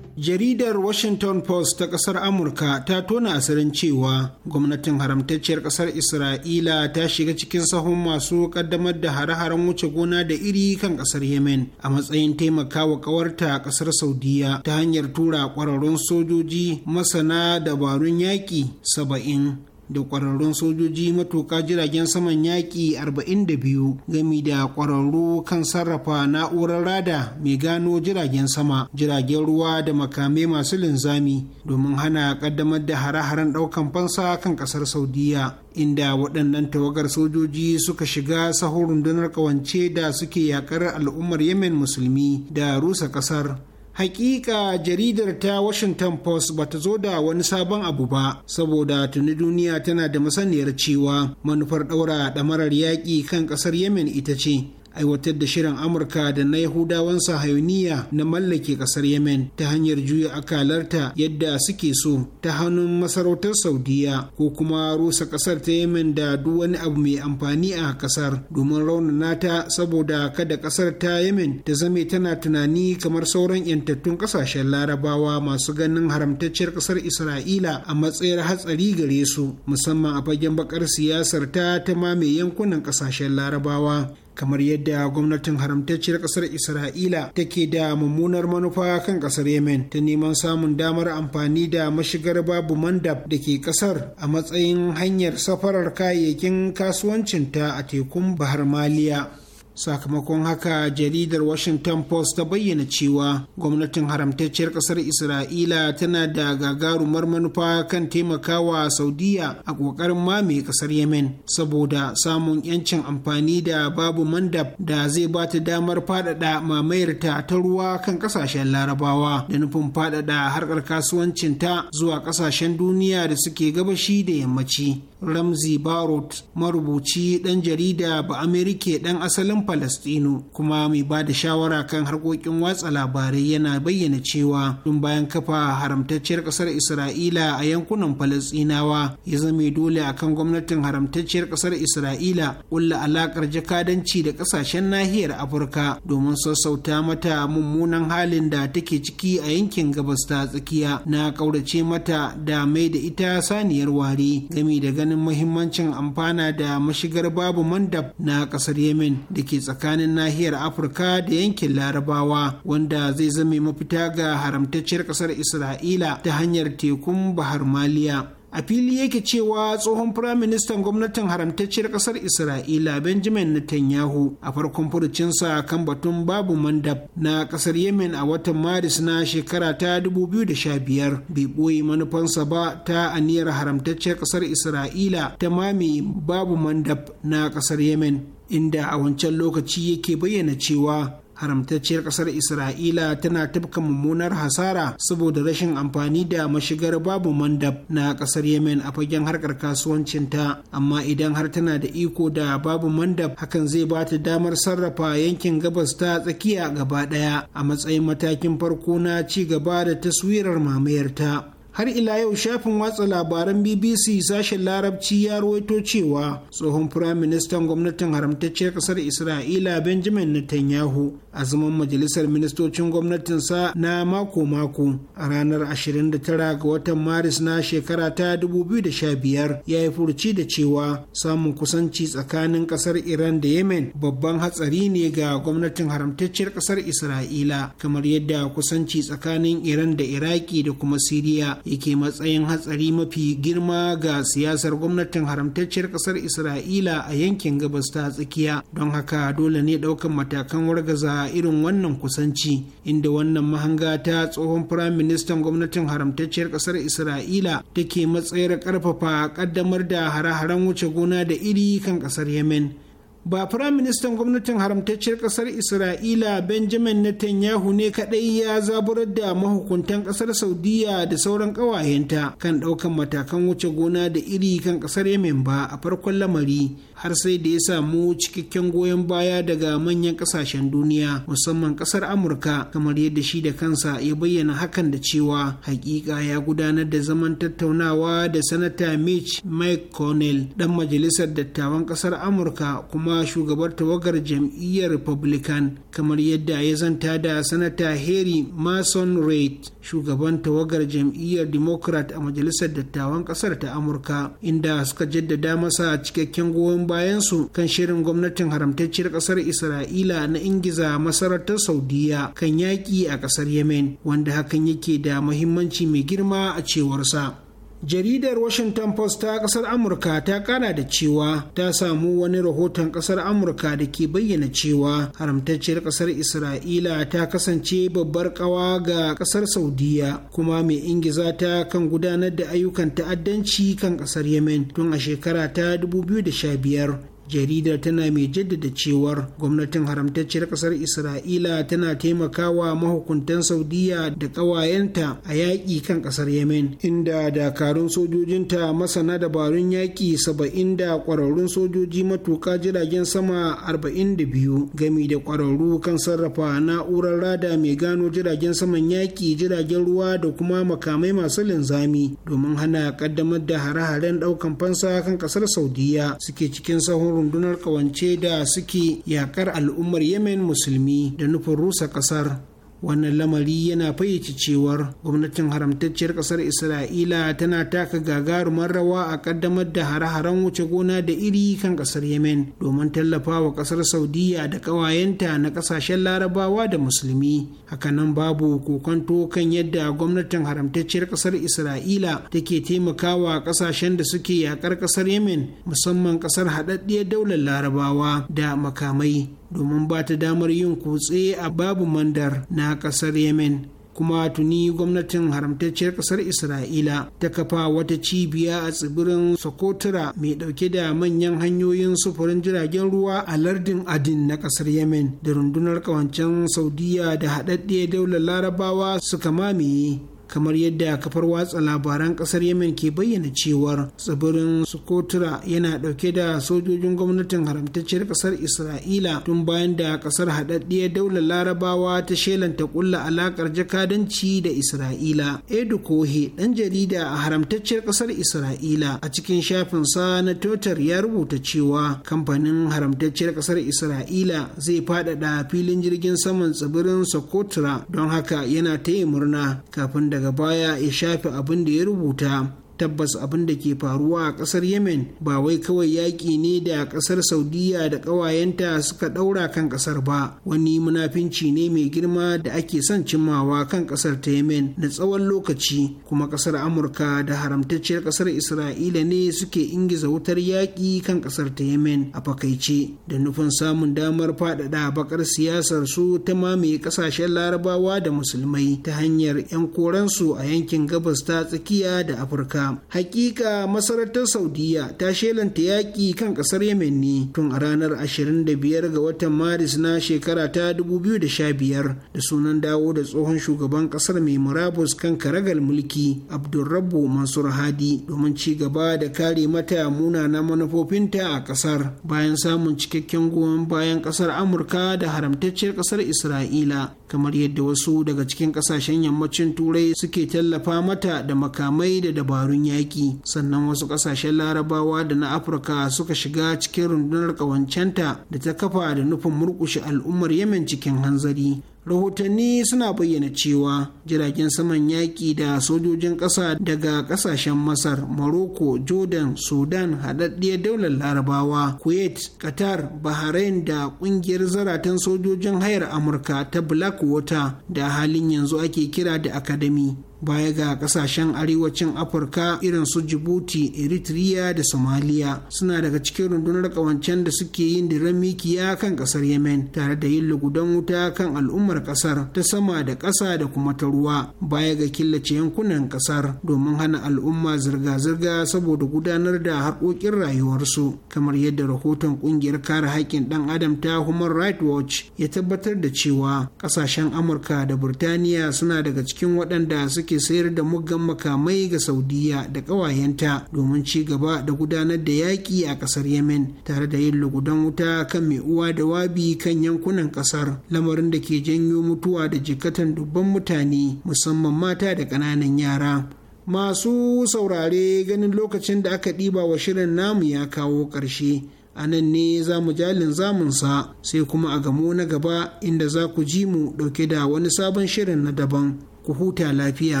Jaridar Washington Post ta kasar Amurka ta tona asirin cewa gwamnatin haramtacciyar kasar Isra'ila ta shiga cikin sahun masu kaddamar da hare-haren wuce gona da iri kan kasar Yemen a matsayin taimakawa ƙawarta kasar Saudiya ta hanyar tura ƙwararrun sojoji masana dabarun yaƙi saba'in da kwararrun sojoji matuƙa jiragen saman yaƙi 42 gami da kwararru kan sarrafa na'urar rada mai gano jiragen sama jiragen ruwa da makamai masu linzami domin hana ƙaddamar da hare-haren ɗaukan fansa kan ƙasar saudiya inda waɗannan tawagar sojoji suka shiga sahun rundunar ƙawance da suke yaƙar al'ummar yemen musulmi da rusa ƙasar hakika jaridar ta washington post ba ta zo da wani sabon abu ba saboda tuni duniya tana da masaniyar cewa manufar ɗaura ɗamarar yaƙi kan ƙasar yemen ita ce aiwatar da shirin amurka da na yahudawan sahayoniya na mallake kasar yemen ta hanyar juya akalarta yadda suke so ta hannun masarautar saudiya ko kuma rusa kasar ta yemen da duk wani abu mai amfani a kasar domin raunana ta saboda kada kasar ta yemen ta zame tana tunani kamar sauran yantattun kasashen larabawa masu ganin haramtacciyar kasar isra'ila a matsayar hatsari gare su musamman a fagen bakar siyasar ta ta mame yankunan kasashen larabawa kamar yadda gwamnatin haramtacciyar ƙasar isra'ila take da mummunar manufa kan ƙasar yemen ta neman samun damar amfani da mashigar babu mandab da ke ƙasar a matsayin hanyar safarar kayayyakin kasuwancinta a tekun bahar maliya sakamakon haka jaridar washington post ta bayyana cewa gwamnatin haramtacciyar kasar isra'ila tana da gagarumar manufa kan taimakawa saudiya a ƙoƙarin mame kasar yemen saboda samun yancin amfani da babu mandab da zai ba ta damar faɗaɗa mamayarta ta ruwa kan ƙasashen larabawa da nufin faɗaɗa harkar kasuwancinta zuwa ƙasashen duniya da suke gabashi da yammaci Ramzi Barot marubuci ɗan jarida ba amerika ɗan asalin Falastinu kuma mai ba da shawara kan harkokin watsa labarai yana bayyana cewa tun bayan kafa haramtacciyar ƙasar Isra'ila a yankunan Falastinawa ya zame dole a kan gwamnatin haramtacciyar ƙasar Isra'ila ƙulla alaƙar jakadanci da ƙasashen nahiyar Afirka domin sassauta mata mummunan halin da take ciki a yankin gabas ta tsakiya na ƙaurace mata da mai da ita saniyar wari game da ganin ganin muhimmancin amfana da mashigar babu mandab na kasar yemen da ke tsakanin nahiyar afirka da yankin larabawa wanda zai zame mafita ga haramtacciyar kasar isra'ila ta hanyar tekun bahar maliya a fili yake cewa tsohon firaministan gwamnatin haramtacciyar ƙasar isra'ila benjamin netanyahu a farkon furucinsa kan batun babu mandab na ƙasar yemen a watan maris na shekara ta 2015 bai ɓoye manufansa ba ta aniyar haramtacciyar ƙasar isra'ila ta mami babu mandab na ƙasar yemen inda a wancan lokaci yake bayyana cewa haramtacciyar kasar isra'ila tana tafka mummunar hasara saboda rashin amfani da mashigar babu mandab na ƙasar yemen a fagen harkar kasuwancinta amma idan har tana da iko da babu mandab hakan zai ba ta damar sarrafa yankin gabas ta tsakiya gaba ɗaya, a matsayin matakin farko na ci gaba da taswirar mamayarta har ila yau shafin watsa labaran bbc sashen larabci ya ruwaito cewa tsohon firaministan gwamnatin haramtacciyar kasar isra'ila benjamin netanyahu a zaman majalisar ministocin gwamnatinsa na mako-mako a ranar 29 ga watan maris na shekara ta 2015 ya yi furuci da cewa samun kusanci tsakanin kasar iran da yemen babban hatsari ne ga gwamnatin haramtacciyar kasar isra'ila kamar yadda kusanci tsakanin iran da iraki da kuma siriya yake matsayin hatsari mafi girma ga siyasar gwamnatin haramtacciyar kasar isra'ila a yankin gabas ta tsakiya don haka dole ne ɗaukan matakan wargaza irin wannan kusanci inda wannan mahanga ta tsohon firaministan gwamnatin haramtacciyar kasar isra'ila take matsayar karfafa kaddamar da hare-haren wuce gona da iri kan kasar yemen ba firaministan gwamnatin haramtacciyar kasar isra'ila benjamin netanyahu ne kadai ya zaburar da mahukuntan kasar saudiya da sauran kawayenta kan daukan matakan wuce gona da iri kan kasar yemen ba a farkon lamari har sai da ya samu cikakken goyon baya daga manyan kasashen duniya musamman kasar amurka kamar yadda shi da kansa ya bayyana hakan da cewa hakika ya gudanar da zaman tattaunawa da sanata mitch mcconnell dan majalisar dattawan kasar amurka kuma shugabar tawagar jam'iyyar republican kamar yadda ya zanta da sanata harry mason reid shugaban tawagar jam'iyyar democrat a majalisar dattawan kasar ta amurka inda suka jaddada masa cikakken goyon bayansu kan shirin gwamnatin haramtacciyar kasar isra'ila na ingiza masarautar saudiya kan yaƙi a kasar yemen wanda hakan yake da muhimmanci mai girma a cewarsa jaridar washington post ta kasar amurka ta kara da cewa ta samu wani rahoton kasar amurka da ke bayyana cewa haramtacciyar kasar isra'ila ta kasance babbar kawa ga kasar saudiya kuma mai ingiza ta kan gudanar da ayyukan ta'addanci kan kasar yemen tun a shekara ta 2015 jaridar tana mai jaddada cewar gwamnatin haramtacciyar kasar isra'ila tana taimakawa mahukuntan saudiya da ƙawayenta a yaƙi kan ƙasar yemen inda dakarun sojojinta masana dabarun yaƙi saba'in da ƙwararrun sojoji matuƙa jiragen sama arba'in da biyu gami da ƙwararru kan sarrafa na'urar rada mai gano jiragen saman yaƙi jiragen ruwa da kuma makamai masu linzami domin hana ƙaddamar da hare-haren ɗaukan fansa kan ƙasar saudiya suke cikin sahun rundunar kawance da suke yakar al'ummar yemen musulmi da nufin rusa kasar wannan lamari yana fayyace cewar gwamnatin haramtacciyar kasar isra'ila tana taka gagarumar rawa a kaddamar da hare-haren wuce gona da iri kan kasar yemen domin tallafa wa kasar saudiya da kawayenta na kasashen larabawa da musulmi hakanan babu kokonto kan yadda gwamnatin haramtacciyar kasar isra'ila take taimakawa kasashen da suke yakar kasar yemen musamman kasar haɗaɗɗiyar daular larabawa da makamai domin ba ta damar yin kutse a babu mandar na ƙasar yemen kuma tuni gwamnatin haramtacciyar ƙasar isra'ila ta kafa wata cibiya a tsibirin sokotura mai ɗauke da manyan hanyoyin sufurin jiragen ruwa a lardin adin na ƙasar yemen da rundunar ƙawancen saudiya da haɗaɗɗe daular larabawa suka mamaye kamar yadda kafar watsa labaran kasar yemen ke bayyana cewar tsibirin sukotura yana dauke da sojojin gwamnatin haramtacciyar kasar isra'ila tun bayan da kasar haɗaɗɗiyar daular larabawa ta shelanta kulla alakar jakadanci da isra'ila edu kohe ɗan jarida a haramtacciyar kasar isra'ila a cikin shafinsa na totar ya rubuta cewa kamfanin haramtacciyar kasar isra'ila zai faɗaɗa filin jirgin saman tsibirin sokotura don haka yana yi murna kafin daga baya ya shafe abin da ya rubuta tabbas abin da ke faruwa a ƙasar yemen ba wai kawai yaƙi ne da ƙasar saudiya da ƙawayenta suka ɗaura kan ƙasar ba wani munafinci ne mai girma da ake son cimmawa kan ƙasar ta yemen na tsawon lokaci kuma ƙasar amurka da haramtacciyar ƙasar isra'ila ne suke ingiza wutar yaƙi kan ƙasar ta yemen a fakaice da nufin samun damar faɗaɗa bakar siyasar su ta mamaye ƙasashen larabawa da musulmai ta hanyar 'yan koransu a yankin gabas ta tsakiya da afirka Haƙiƙa! hakika masarautar saudiya ta shelanta yaƙi kan ƙasar yemen ne tun a ranar 25 ga watan maris na shekara ta 2015 da sunan dawo da tsohon shugaban ƙasar mai murabus kan karagar mulki abdulrabbu mansur hadi domin ci gaba da kare mata munana manufofinta a ƙasar bayan samun cikakken goyon bayan ƙasar amurka da haramtacciyar ƙasar isra'ila kamar yadda wasu daga cikin kasashen yammacin turai suke tallafa mata da makamai da dabarun yaƙi sannan wasu kasashen larabawa da na afirka suka shiga cikin rundunar ƙawancenta da ta kafa da nufin murƙushe al'ummar yemen cikin hanzari rahotanni suna bayyana cewa jiragen saman yaƙi da sojojin ƙasa daga ƙasashen masar morocco jordan sudan haɗaɗɗiyar daular larabawa kuwait qatar bahrain da ƙungiyar zaratan sojojin hayar amurka ta blackwater da halin yanzu ake kira da academy baya ga kasashen arewacin afirka irin su jibuti eritrea da somaliya suna daga cikin rundunar kawancen da suke yin diran mikiya kan kasar yemen tare da yin lugudan wuta kan al'ummar kasar ta sama da ƙasa da kuma ta ruwa baya ga killace yankunan kasar domin hana al'umma zirga-zirga saboda gudanar da harkokin rayuwarsu kamar yadda rahoton kungiyar kare haƙƙin dan adam ta human rights watch ya tabbatar da cewa kasashen amurka da burtaniya suna daga cikin waɗanda suke ke sayar da muggan makamai ga saudiya da ƙawayenta domin ci gaba da gudanar da yaƙi a ƙasar yemen tare da yin lugudan wuta kan mai uwa da wabi kan yankunan ƙasar lamarin da ke janyo mutuwa da jikatan dubban mutane musamman mata da ƙananan yara masu saurare ganin lokacin da aka ɗiba wa shirin namu ya kawo ƙarshe a nan ne za mu jalin zamunsa sai kuma a gamo na gaba inda za ku ji mu ɗauke da wani sabon shirin na daban ku huta lafiya.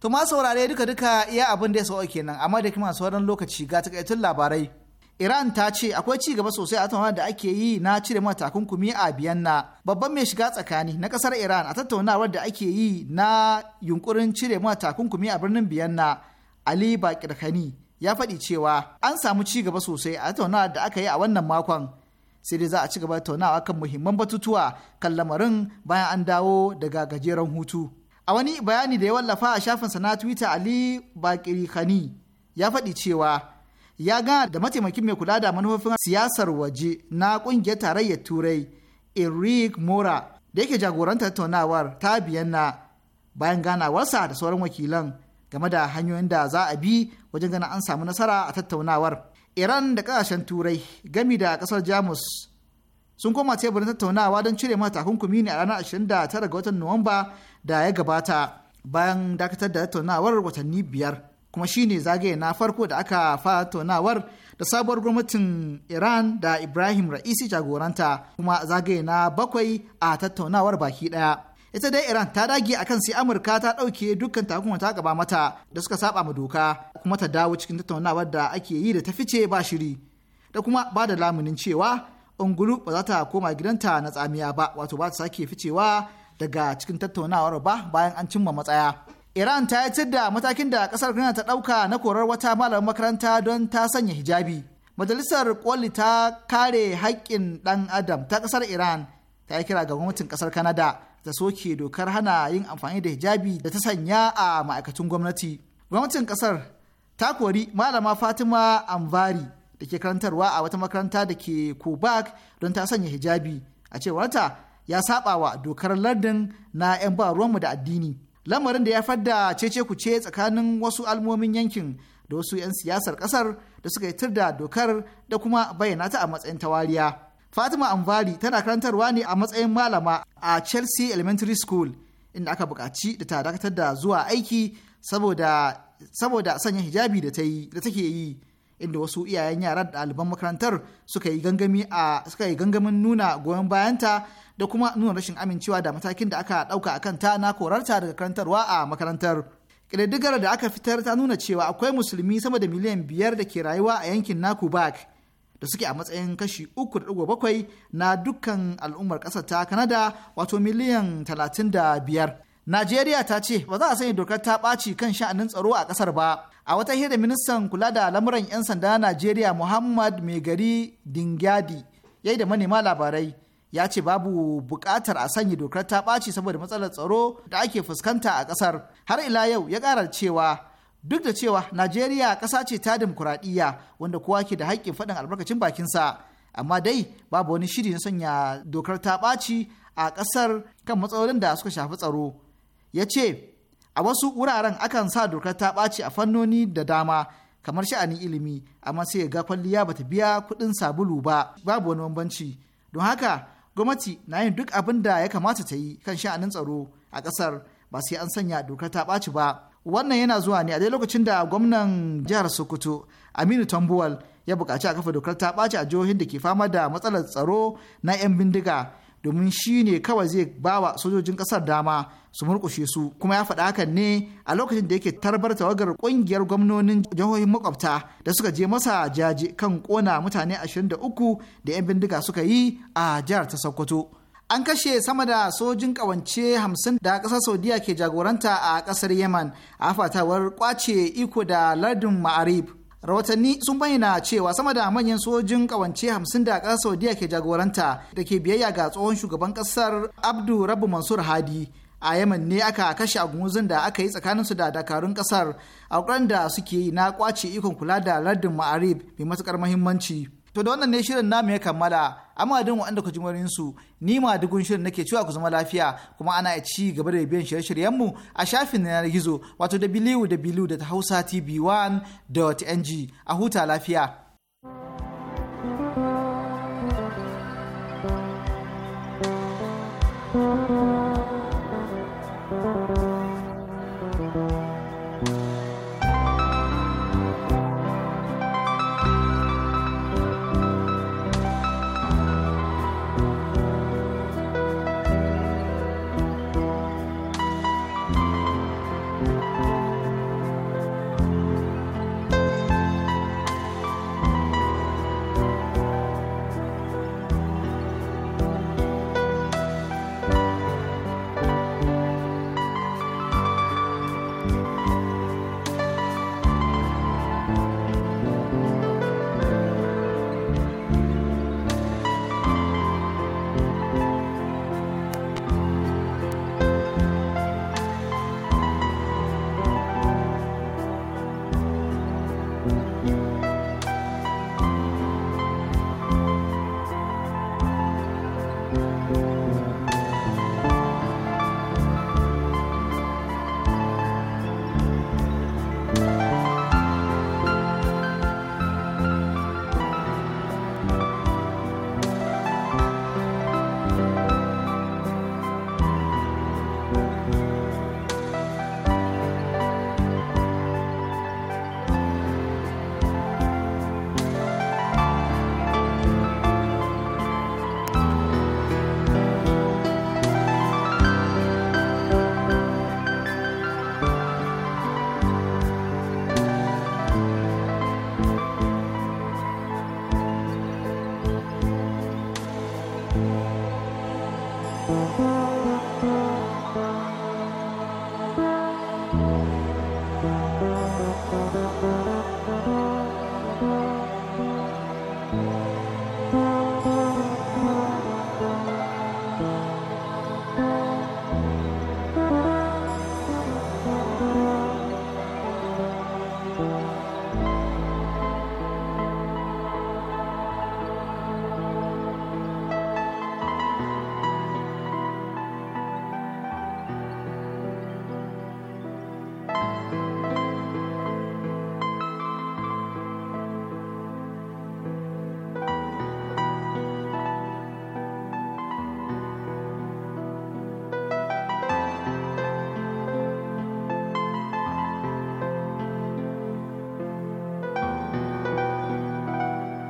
To ma saurare duka duka iya abin da ya sauka kenan amma da kima sauran lokaci ga takaitun labarai. Iran ta ce akwai ci gaba sosai a tattaunawar da ake yi na cire mata takunkumi a Biyanna. Babban mai shiga tsakani na kasar Iran a tattaunawar da ake yi na yunkurin cire mata takunkumi a birnin Biyanna. Ali Bakirkani ya faɗi cewa an samu ci gaba sosai a tattaunawa da aka yi a wannan makon sai dai za a ci gaba da tattaunawa kan muhimman batutuwa kan lamarin bayan an dawo daga gajeren hutu. A wani bayani da ya wallafa a shafinsa na Twitter Ali Bakirkani ya faɗi cewa ya gana da mataimakin mai kula da manufofin siyasar waje na ƙungiyar tarayyar Turai Enrique Mora da yake jagorantar tattaunawar ta biyanna bayan ganawarsa da sauran wakilan game da hanyoyin da za a bi wajen ganin an samu nasara a tattaunawar. Iran da kasashen Turai gami da kasar Jamus sun koma teburin tattaunawa don cire mata takunkumi ne a ranar 29 ga watan Nuwamba da ya gabata bayan dakatar da tattaunawar watanni biyar. Kuma shine zagaye na farko da aka fara tattaunawar da sabuwar gwamnatin Iran da Ibrahim Ra'isi jagoranta kuma zagaye na bakwai a tattaunawar baki ɗaya. ita dai iran ta dage akan sai amurka ta dauke dukkan takunkuma ta gaba mata da suka saba ma doka kuma ta dawo cikin tattaunawar da ake yi da ta fice ba shiri da kuma ba da lamunin cewa ungulu ba za ta koma gidanta na tsamiya ba wato ba ta sake ficewa daga cikin tattaunawar ba bayan an cimma matsaya iran ta yi da matakin da kasar kanada ta dauka na korar wata malamin makaranta don ta sanya hijabi majalisar koli ta kare haƙƙin ɗan adam ta kasar iran ta yi kira ga gwamnatin kasar Kanada. da soke dokar hana yin amfani da hijabi da ta sanya a ma'aikatun gwamnati gwamnatin kasar ta kori malama fatima ambari da ke karantarwa a wata makaranta da ke kobak don ta sanya hijabi a wata ya saba wa dokar lardin na 'yan ba ruwanmu da addini lamarin da ya fadda cece ce tsakanin wasu almomin yankin da wasu 'yan siyasar kasar da suka yi tirda dokar da kuma bayyana ta a matsayin tawariya. Fatima Amvari tana karantarwa ne a matsayin malama a Chelsea Elementary School inda aka buƙaci da ta dakatar da zuwa aiki saboda sanya hijabi da ta yi da take yi inda wasu iyayen yaran ɗaliban makarantar suka yi yi gangamin nuna goyon bayanta da kuma nuna rashin amincewa da matakin da aka ɗauka a kanta na korarta daga karantarwa a makarantar. Ƙididdigar da aka fitar ta nuna cewa akwai musulmi sama da miliyan biyar da ke rayuwa a yankin naku bak da suke a matsayin kashi 3.7 na dukkan al'ummar ƙasar ta Kanada wato miliyan 35. Najeriya ta ce ba za a sanya dokar ta ɓaci kan sha'anin tsaro a ƙasar ba. A wata hira ministan kula da lamuran 'yan sanda Najeriya Muhammad Megari Dingyadi ya yi da manema labarai ya ce babu buƙatar a sanya dokar ta ɓaci saboda matsalar tsaro da ake fuskanta a ƙasar. Har ila yau ya ƙara cewa duk da cewa najeriya ƙasa ce ta dimokuraɗiyya wanda kowa ke da haƙƙin faɗin albarkacin bakinsa amma dai babu wani shiri na sanya dokar ta ɓaci a ƙasar kan matsalolin da suka shafi tsaro ya ce a wasu wuraren akan sa dokar ta ɓaci a fannoni da dama kamar sha'anin ilimi amma sai ga kwalliya ba ta biya kuɗin sabulu ba babu wani bambanci don haka gwamnati na yin duk abin da ya kamata ta yi kan sha'anin tsaro a ƙasar ba sai an sanya dokar ta ɓaci ba wannan yana zuwa ne a dai lokacin da gwamnan jihar sokoto aminu tambuwal ya bukaci a kafa dokar ta ɓaci a jihohin da ke fama da matsalar tsaro na 'yan bindiga domin shi ne kawai zai bawa sojojin ƙasar dama su murkushe su kuma ya faɗa hakan ne a lokacin da yake tarbar tawagar ƙungiyar gwamnonin jihohin makwabta da suka je masa jaji kan kona mutane 23 da 'yan bindiga suka yi a jihar ta sokoto. an kashe sama da sojin kawance hamsin da kasar saudiya ke jagoranta a ƙasar yaman a fatawar kwace iko da lardin ma'arib rahotanni sun bayyana cewa sama da manyan sojin kawance hamsin da kasar saudiya ke jagoranta da ke biyayya ga tsohon shugaban ƙasar abdu rabu mansur hadi a yaman ne aka kashe agumuzin da aka yi tsakaninsu da dakarun ƙasar a da suke yi na kwace ikon kula da lardin ma'arib mai matuƙar muhimmanci To da wannan ne shirin namu ya kammala, amma din waɗanda ku ji su ni ma dugun shirin nake cewa ku zama lafiya kuma ana ci gaba da biyan shirye shiryen mu a shafin yanar gizo wato www.hausatv1.ng a huta lafiya.